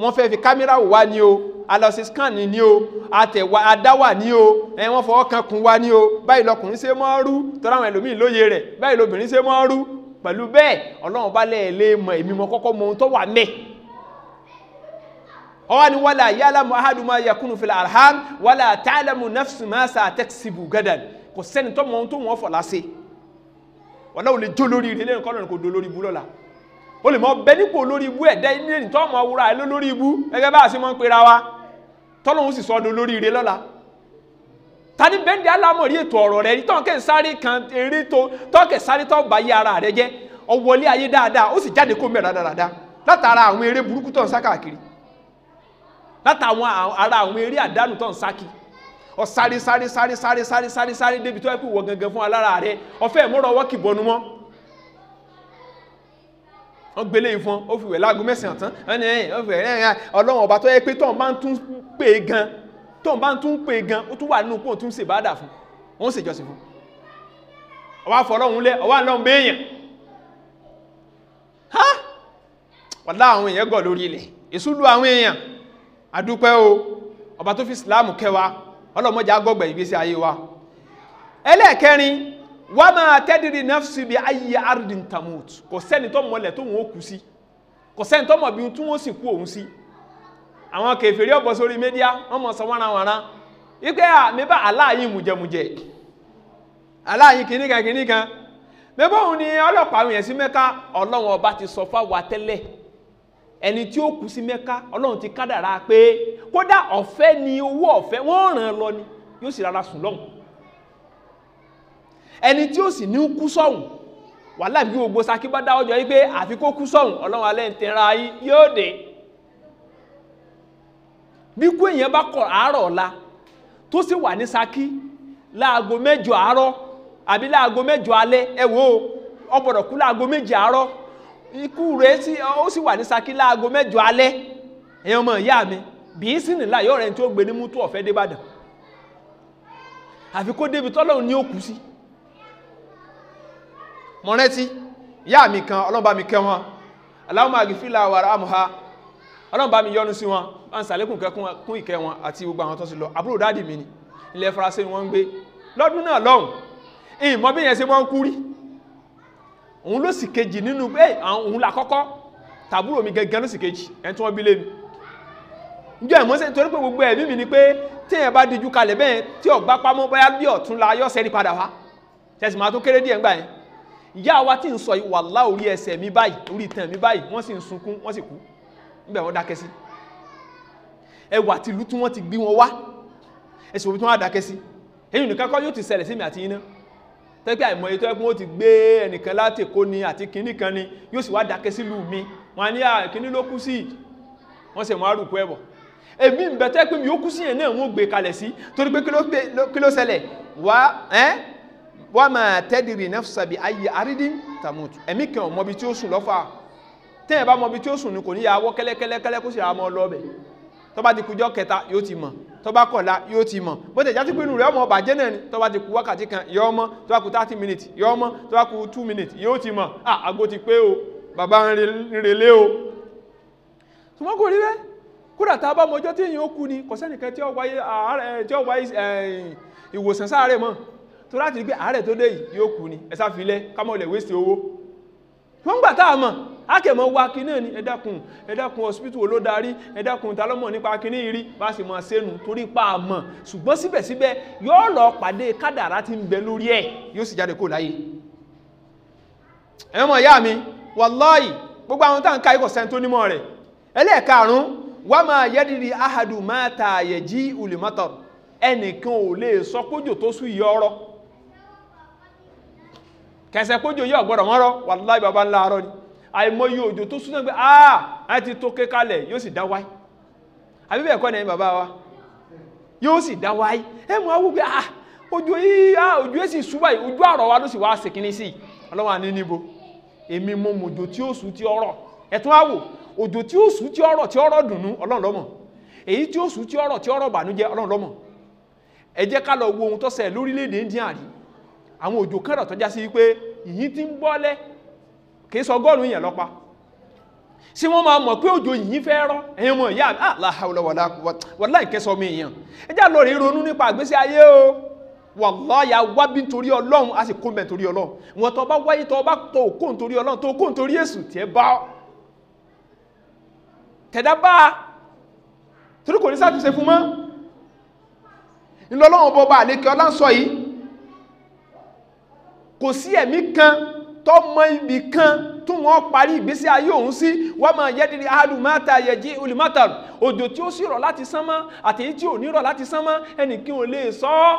Speaker 1: wọ́n fẹ́ fi kámẹ́rà wá ní o alọ́sí scan ní o àtẹ̀wá adáwà ní o ẹ̀ wọ́n fọwọ́ kan kun wá ní o báyìí lọkùnrin ṣe mọ́ rú tọ́ra àwọn ẹlòmíì lóye rẹ̀ báyìí lobìnrin ṣe mọ́ rú pẹ̀lú bẹ́ẹ̀ ọlọ́run bá lẹ̀ lé mọ̀ èmi mọ kọ́kọ́ mọ ohun tó wà mẹ́ ọwọ́ ni wàlà yálàmù ahadumá yakunu fìlà alham wàlà tààlàmù nafsu masa àtẹ́kisìbù gẹ́dẹ̀ kò sẹ́ni tó mọ ohun tó wọ́n fọ̀ láṣẹ wàlà ò lè jó lórí rẹ̀ lẹ́yìn kọ́lọ́run kò dó lórí bú lọ́la o lè mọ bẹ nípò lórí ibú ẹ̀dá ilé ní tọ́mọ awúra ẹ̀ lórí ibú gẹ́gẹ́ bá a ṣe mọ́ ń pera wa tọ́lọ́hún sì sọdún lórí ire lọ́la ta ni bẹ́ndì alámọ̀rí ètò ọ̀rọ̀ rẹ ní tọ́kẹ̀ sáré kan eré tó tọ́kẹ̀ sáré tó bá yí ara rẹ jẹ́ ọwọlé ayé dáadáa ó sì jáde kó mẹ́ra dáadáa látara àwọn eré burúkú tó ń sá káàkiri látàwọn ara àwọn eré àdánù tó ń sá kiri ọ sáré sáré sáré sáré sáré sáré débi tó ẹ pé wọ gangan fún alára rẹ ọfẹ ìmúra ọwọ́ kìbọnú mọ́ wọ́n gbélé ìfọn ó fi wẹ̀ láago mẹ́sàn-án tán ẹni ẹ̀yìn ó fi wẹ̀ ẹ̀yìn ọlọ́run ọba tó yẹ pé tọ́n bá ń tún pè é gan tọ́n bá ń tún pè é gan ó tún wà nínú pọ́n tún ṣe bàdà fún wọ́n ṣe jọ́sìn fún ọwọ́ àfọlọ́run lẹ ọwọ́ àlọ́run béèyàn ha wàlá àwọn èèyàn gọ̀ lórí ilẹ̀ èṣù lu àwọn èèyàn àdúpẹ́ o ọba tó fi ìsìláàmù kẹwàá ọlọ́mọdé agọ́gbẹ̀ ìgbésí ayé wa ẹlẹ́ẹ̀kẹrin wọ́n máa nafsi bi ayé ardin tamut kò sẹ́ni tó mọ̀lẹ̀ tó wọ́n kú sí kò sẹ́ni tó mọ̀ bí tí wọ́n sì kú òun sí àwọn kèfèrí ọ̀bọ̀ sórí mẹ́díà wọ́n mọ̀ sọ wọ́nra wọ́nra wípé à mẹ́bà aláàyè mùjẹmùjẹ aláàyè kìnnìkan kìnnìkan mẹ́bà òun ni ọlọ́pàá àwọn yẹn sí mẹ́ka ọlọ́run ọba ti sọ fáwa tẹ́lẹ̀ ẹni tí ó kú sí mẹ́ka ọlọ́run ti kádàrá pé kódà ọ̀fẹ́ ni owó ọ̀fẹ́ wọ́n ràn lọ ni yóò sì rárá sùn lọ́hùn ẹni tí ó sì ní kú sọ̀hún wàhálà bí gbogbo Ṣakí bá dáwọ́ jọ yí pé àfi kó kú sọ̀hún ọlọ́run alẹ́ ń tẹra yóò dé bí kú èèyàn bá kọ̀ àárọ̀ ọ̀la tó sì wà ní Ṣakí láago mẹ́jọ àárọ̀ àbí láago mẹ́jọ alẹ́ ẹ wò ó kú láago méje àárọ̀ ikú rẹ̀ ó sì wà ní Ṣakí láago mẹ́jọ alẹ́ ẹ̀yàn ọmọ ìyá mi bí sí nìlá yóò rẹ̀ tí ó gbé ní mútú ọ̀fẹ́ débàdàn àfi kó débi tọ́lọ́run ní ó sí mo rántí ìyá mi kan ọlọ́run bá mi kẹ́ wọn aláwọ̀ àgìfìlà wàrà àmùhà ọlọ́run bá mi yọ́nú sí wọn bá ń sàlékùn kún ìkẹ́ wọn àti gbogbo àwọn tó ti lọ àbúrò dáàdì mi ni ilẹ̀ faransé ni wọ́n ń gbé lọ́dún náà lọ́hùn ìmọ̀ bí yẹn ṣe wọ́n ń kú rí òun ló sì kejì nínú pé òun là kọ́kọ́ tàbúrò mi gẹ́gẹ́ ló sì kejì ẹni tí wọ́n bí lé mi njọ ẹ̀mọ́ sẹ́ni torí pé gbogbo ẹ̀mí mi ni pé tí èèyàn bá dijú kalẹ̀ bẹ́ẹ̀ tí ọ̀gbá pamọ́ bóyá bí ọ̀tún la yọ̀ sẹ́ni padà wá tẹ̀sí máa tó kéré díẹ̀ ńgbà yẹn ìyá wa tí ń sọ wàhálà orí ẹsẹ̀ mi báyìí orí ìtàn mi báyìí wọ́n sì ń sunkún wọ́n sì kú níbẹ̀ wọ́n dákẹ́ sí ẹwà tìlú tí wọ́n ti gbé wọn wá ẹsẹ̀ òbí tí wọ́n á dákẹ́ sí èyí nìkan kọ́ yóò ti ṣẹlẹ̀ sí mi àti iná tẹ́gbẹ́ àìmọ̀ ètò ẹkùn ó ti gbé ẹnìkan láti kó ni àti kínní kan ni yóò sì wá dákẹ́ sí lù mí wọn ní àkínní ló kú sí wọ́n sì mọ́ àrùkú ẹ̀bọ̀ èmi ń bẹ̀tẹ́ pé mi ó kú sí yẹn náà wọ́n gbé kalẹ̀ sí torí pé kí ló ṣẹlẹ̀ wá ẹ́ wọ́n máa tẹ́dìrì nẹ́fṣàbí ayé àrídìn tàmùtù ẹ̀mí kan mọ ibi tí ó sùn lọ́fà tẹ́ ẹ̀ bá mọ ibi tí ó sùn ní kò ní yà wọ́ kẹ́lẹ́kẹ́lẹ́kẹ́lẹ́ kó sì ra mọ́ lọ́ọ̀bẹ̀ tó bá ti kujọ́ kẹta yóò ti mọ̀ tó bá kọ̀la yóò ti mọ̀ bó tẹ̀ jásí pé rẹ̀ ọmọ bàjẹ́ náà ni tó bá ti ku wákàtí kan yọ ọmọ tó bá ku thirty minutes yọ ọmọ tó bá ku two minutes yóò ti mọ̀ ah àgbo ti pé o bàbá ń relé o. ṣùgbọ́n kò rí bẹ́ẹ̀ kódà tá a bá mọjọ́ tí èèyàn ó kú ni kò tí ó wáyé ìwòsàn sáà mọ́ tó láti rí pé àárẹ̀ tó dé yìí ni kámọ́ wéṣẹ̀ owó wọ́n gbà táà mọ̀ wa ni ẹ̀dàkùn hospital olódarí ẹ̀dàkùn talọ́mọ̀ nípa bá sì sẹ́nu torí pa àmọ̀ lọ pàdé kádàrá ń bẹ lórí ẹ̀ yóò sì jáde kó láyé ìyá mi gbogbo àwọn ikọ̀ nímọ̀ rẹ̀ wà máa ahadu máa jí ẹnìkan ò lè sọ tó kẹsẹ̀ kójò yóò gbọ́dọ̀ mọ́rọ́ wàláì bàbá ńlá arọ́ ni àìmọye òjò tó súná pé àà á ti tó ké kalẹ̀ yóò sì dá wáyé àbí bẹ́ẹ̀ ni bàbá wa yóò sì dá wáyé ẹ pé yìí sì ojú àrọ̀ wa ló sì wá sèkínní sí i níbo èmi tí ó tí ọrọ̀ ẹ̀tún àwò tí ó tí ọrọ̀ tí ọrọ̀ dùnú èyí tí ó ẹ jẹ́ ká lọ wo ohun tó sẹ lórílẹ̀-èdè India àwọn òjò kẹ́rọ̀ tọ́já sí wípé ìyí tí ń bọ́lẹ̀ kìí sọ ọgọ́rùn èèyàn lọ́pa sí wọ́n máa mọ̀ pé òjò yìí fẹ́ rọ́ ẹ̀yìn mọ̀ ìyá aláhàwọ̀lọ́wọ̀lá wọ́láì kẹsọ̀ mi èèyàn ah, ẹjá lọ rí ronú nípa àgbésí ayé o wàláyà wábí torí ọlọ́run a sì kó mẹ́ torí ọlọ́run wọn tó bá wáyé tó bá tó kó n torí ọlọ́run tó kó n torí èsù tí ẹ bá tẹ̀dá bá torí kò ní sátúnṣe fún mọ́ kò sí ẹ̀mí kan tó mọ ibì kan tún wọn parí ìgbésí ayé òun sí wọn máa yẹ dìde alùmọ́ta yẹjí olùmọ́ta òjò tí ó sì rọ̀ láti sánmọ́ àtẹ̀yí tí ò ní rọ̀ láti sánmọ́ ẹnìkan ò lè sọ ọ́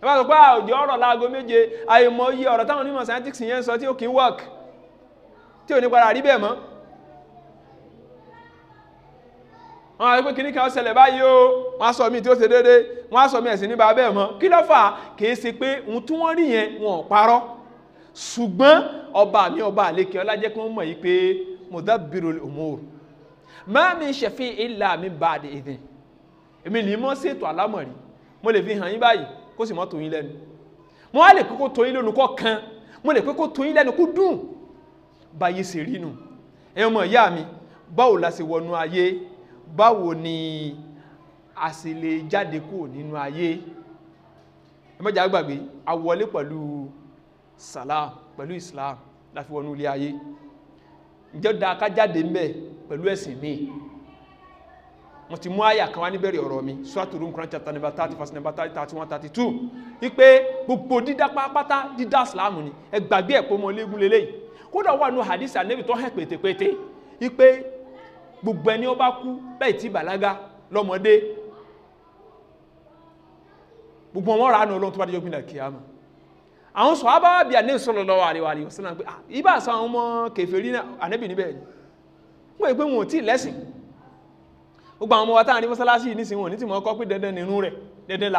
Speaker 1: ẹ bá sọ pé òjò ọ̀rọ̀ láago méje àìmọye ọ̀rọ̀ táwọn onímọ̀ scientists yẹn sọ tí ó kì work tí ò ní padà rí bẹ́ẹ̀ mọ́ wọn á pé kíní kan ṣẹlẹ̀ báyìí o wọn á sọ mí tí ó ṣe déédé wọn á sọ mí ẹ̀sìn ní bàbá ẹ̀ mọ́ kí ló fà kìí ṣe pé ohun tí wọ́n rí yẹn wọn ò parọ́ ṣùgbọ́n ọba mi ọba àlékè ọlá jẹ́ kí wọ́n mọ̀ yìí pé mudabbirul umur ma min shafi'in illa min ba'di idhin èmi ní mọ́ ṣètò àlámọ̀rí mo lè fi hàn yín báyìí kó sì mọ́ tó yín lẹ́nu mo á lè kókó tó yín lónìí kọ́ kan mo lè kókó tó yín lẹ́nu kó dùn báyìí ṣe rí nù ẹ̀yọ́mọ̀ ìyá mi báwo la ṣe wọnú ayé báwo ni a sì lè jáde kúrò nínú ayé ẹmọ́jà gbàgbé a wọlé pẹ̀lú salam pẹ̀lú islam láti wọnú ilé ayé ǹjẹ́ dáa ká jáde mẹ́ pẹ̀lú ẹ̀sìn mi mo ti mú àyà kan wá níbẹ̀rẹ̀ ọ̀rọ̀ mi Suratu Rum Quran chapter number thirty verse number thirty thirty one thirty two wípé gbogbo dídá pátápátá dídá islam ni ẹ gbàgbé ẹ̀pọ̀ ọmọ ológun lélẹ́yìí kódà wà nù hadith anabi tó hàn pétépété wípé gbogbo ẹni ó bá kú bẹ́ẹ̀ tí bàlágà lọ́mọdé gbogbo wọn ràánù ọlọ́run tó bá dẹjọ́ gbìnà kíyàmà àwọn sọ abáwá bíi ànẹ́bí sọ̀rọ̀ lọ́wọ́ àríwá àríwá sínú pé ibà sọ àwọn ọmọ kèfèrí ni wọ́n yẹ pé wọn ò tí ì lẹ́sìn gbogbo àwọn ọmọ wa táwọn ní mọ́sálásí yìí nísìnyí wọn ní tí mo kọ́ pé dandan nínú rẹ̀ dandan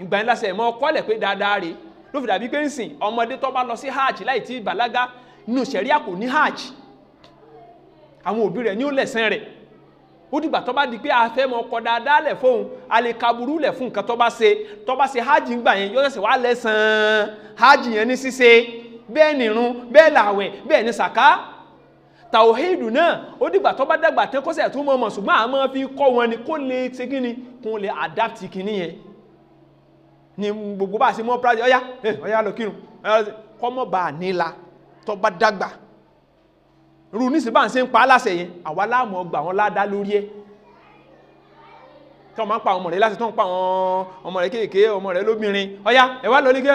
Speaker 1: ìgbà yẹn lásẹ̀ mọ́ kọ́lẹ̀ pé dáadáa rè ló fi dàbí pé ń sìn ọmọdé tó bá lọ sí hajj láì tí bàlágà nù sẹ̀ríà kò ní hajj àwọn òbí rẹ̀ ní ó lẹ̀sẹ̀ rẹ̀ ó dìgbà tó bá di pé a fẹ́ mọ ọkọ̀ dáadáa lẹ̀ fóun a lè ka burú lẹ̀ fún nǹkan tó bá ṣe tó bá ṣe hajj ńgbà yẹn yóò ṣẹ̀ṣẹ̀ wá lẹ́sàn-án hajj yẹn ní ṣíṣe bẹ́ẹ̀ nìrun bẹ́ẹ̀ làwẹ̀ bẹ́ẹ̀ ní sàká tàwọ̀hídù náà ó dìgbà tó bá dàgbà tán tó mọ̀ mọ̀ ṣùgbọ́n àmọ́ fi kọ́ wọn ni kó lè ṣe kíni kó lè adapt kíní yẹn ni gbogbo bá ṣe mọ́ praise ọ̀yá ọ̀yá eh, lọ kírun kọ́mọ́ bá a níla tó bá dàgbà rú nísìnyí bá ń ṣe ń pa á láṣẹ yẹn àwa láàmú ọgbà wọn ládá lórí ẹ tó máa ń pa ọmọ rẹ láṣẹ tó ń pa àwọn ọmọ rẹ kéèké ọmọ rẹ lóbìnrin ọ̀yá ẹ lọ ní kí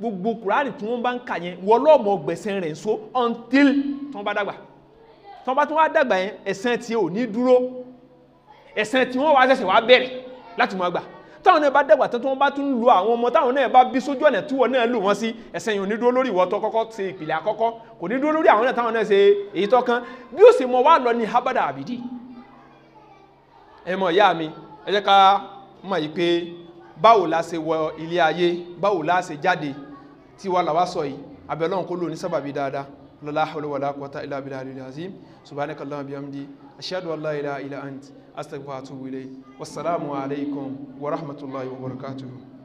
Speaker 1: gbogbo kùránì tí wọ́n bá ń kà yẹn wọ́n lọ́ọ̀mọ̀ gbẹ̀sẹ̀ rẹ̀ ń so until tó ń bá dàgbà tó ń bá tó wá dàgbà yẹn ẹ̀sẹ̀ tí ò ní dúró ẹ̀sẹ̀ tí wọ́n wá ṣẹ̀ṣẹ̀ wá bẹ̀rẹ̀ láti mọ̀ àgbà táwọn náà bá dẹ̀gbà tó wọn bá tún lu àwọn ọmọ táwọn náà bá bí sójú ọ̀nà tí wọn náà lù wọn sí ẹ̀sẹ̀ yìí ò ní dúró lórí ìwọ tó kọ́kọ́ ṣe ìpìlẹ̀ àkọ́kọ́ kò ní dúró lórí àwọn náà táwọn náà ṣe èyí tó kán bí ó sì mọ wá lọ ní habada abidi ẹ mọ ìyá mi ẹ jẹ́ ká mọ̀ yìí pé báwo la ṣe wọ ilé ayé báwo la ṣe jáde tí wàá làwa sọ yìí abẹ́ kó lò ní sábàbí dáadáa lọ́lá hawla wala quwwata illa billahi al-azim subhanakallahumma bihamdi أشهد أن لا إله إلا أنت أستغفرك وأتوب إليك والسلام عليكم ورحمة الله وبركاته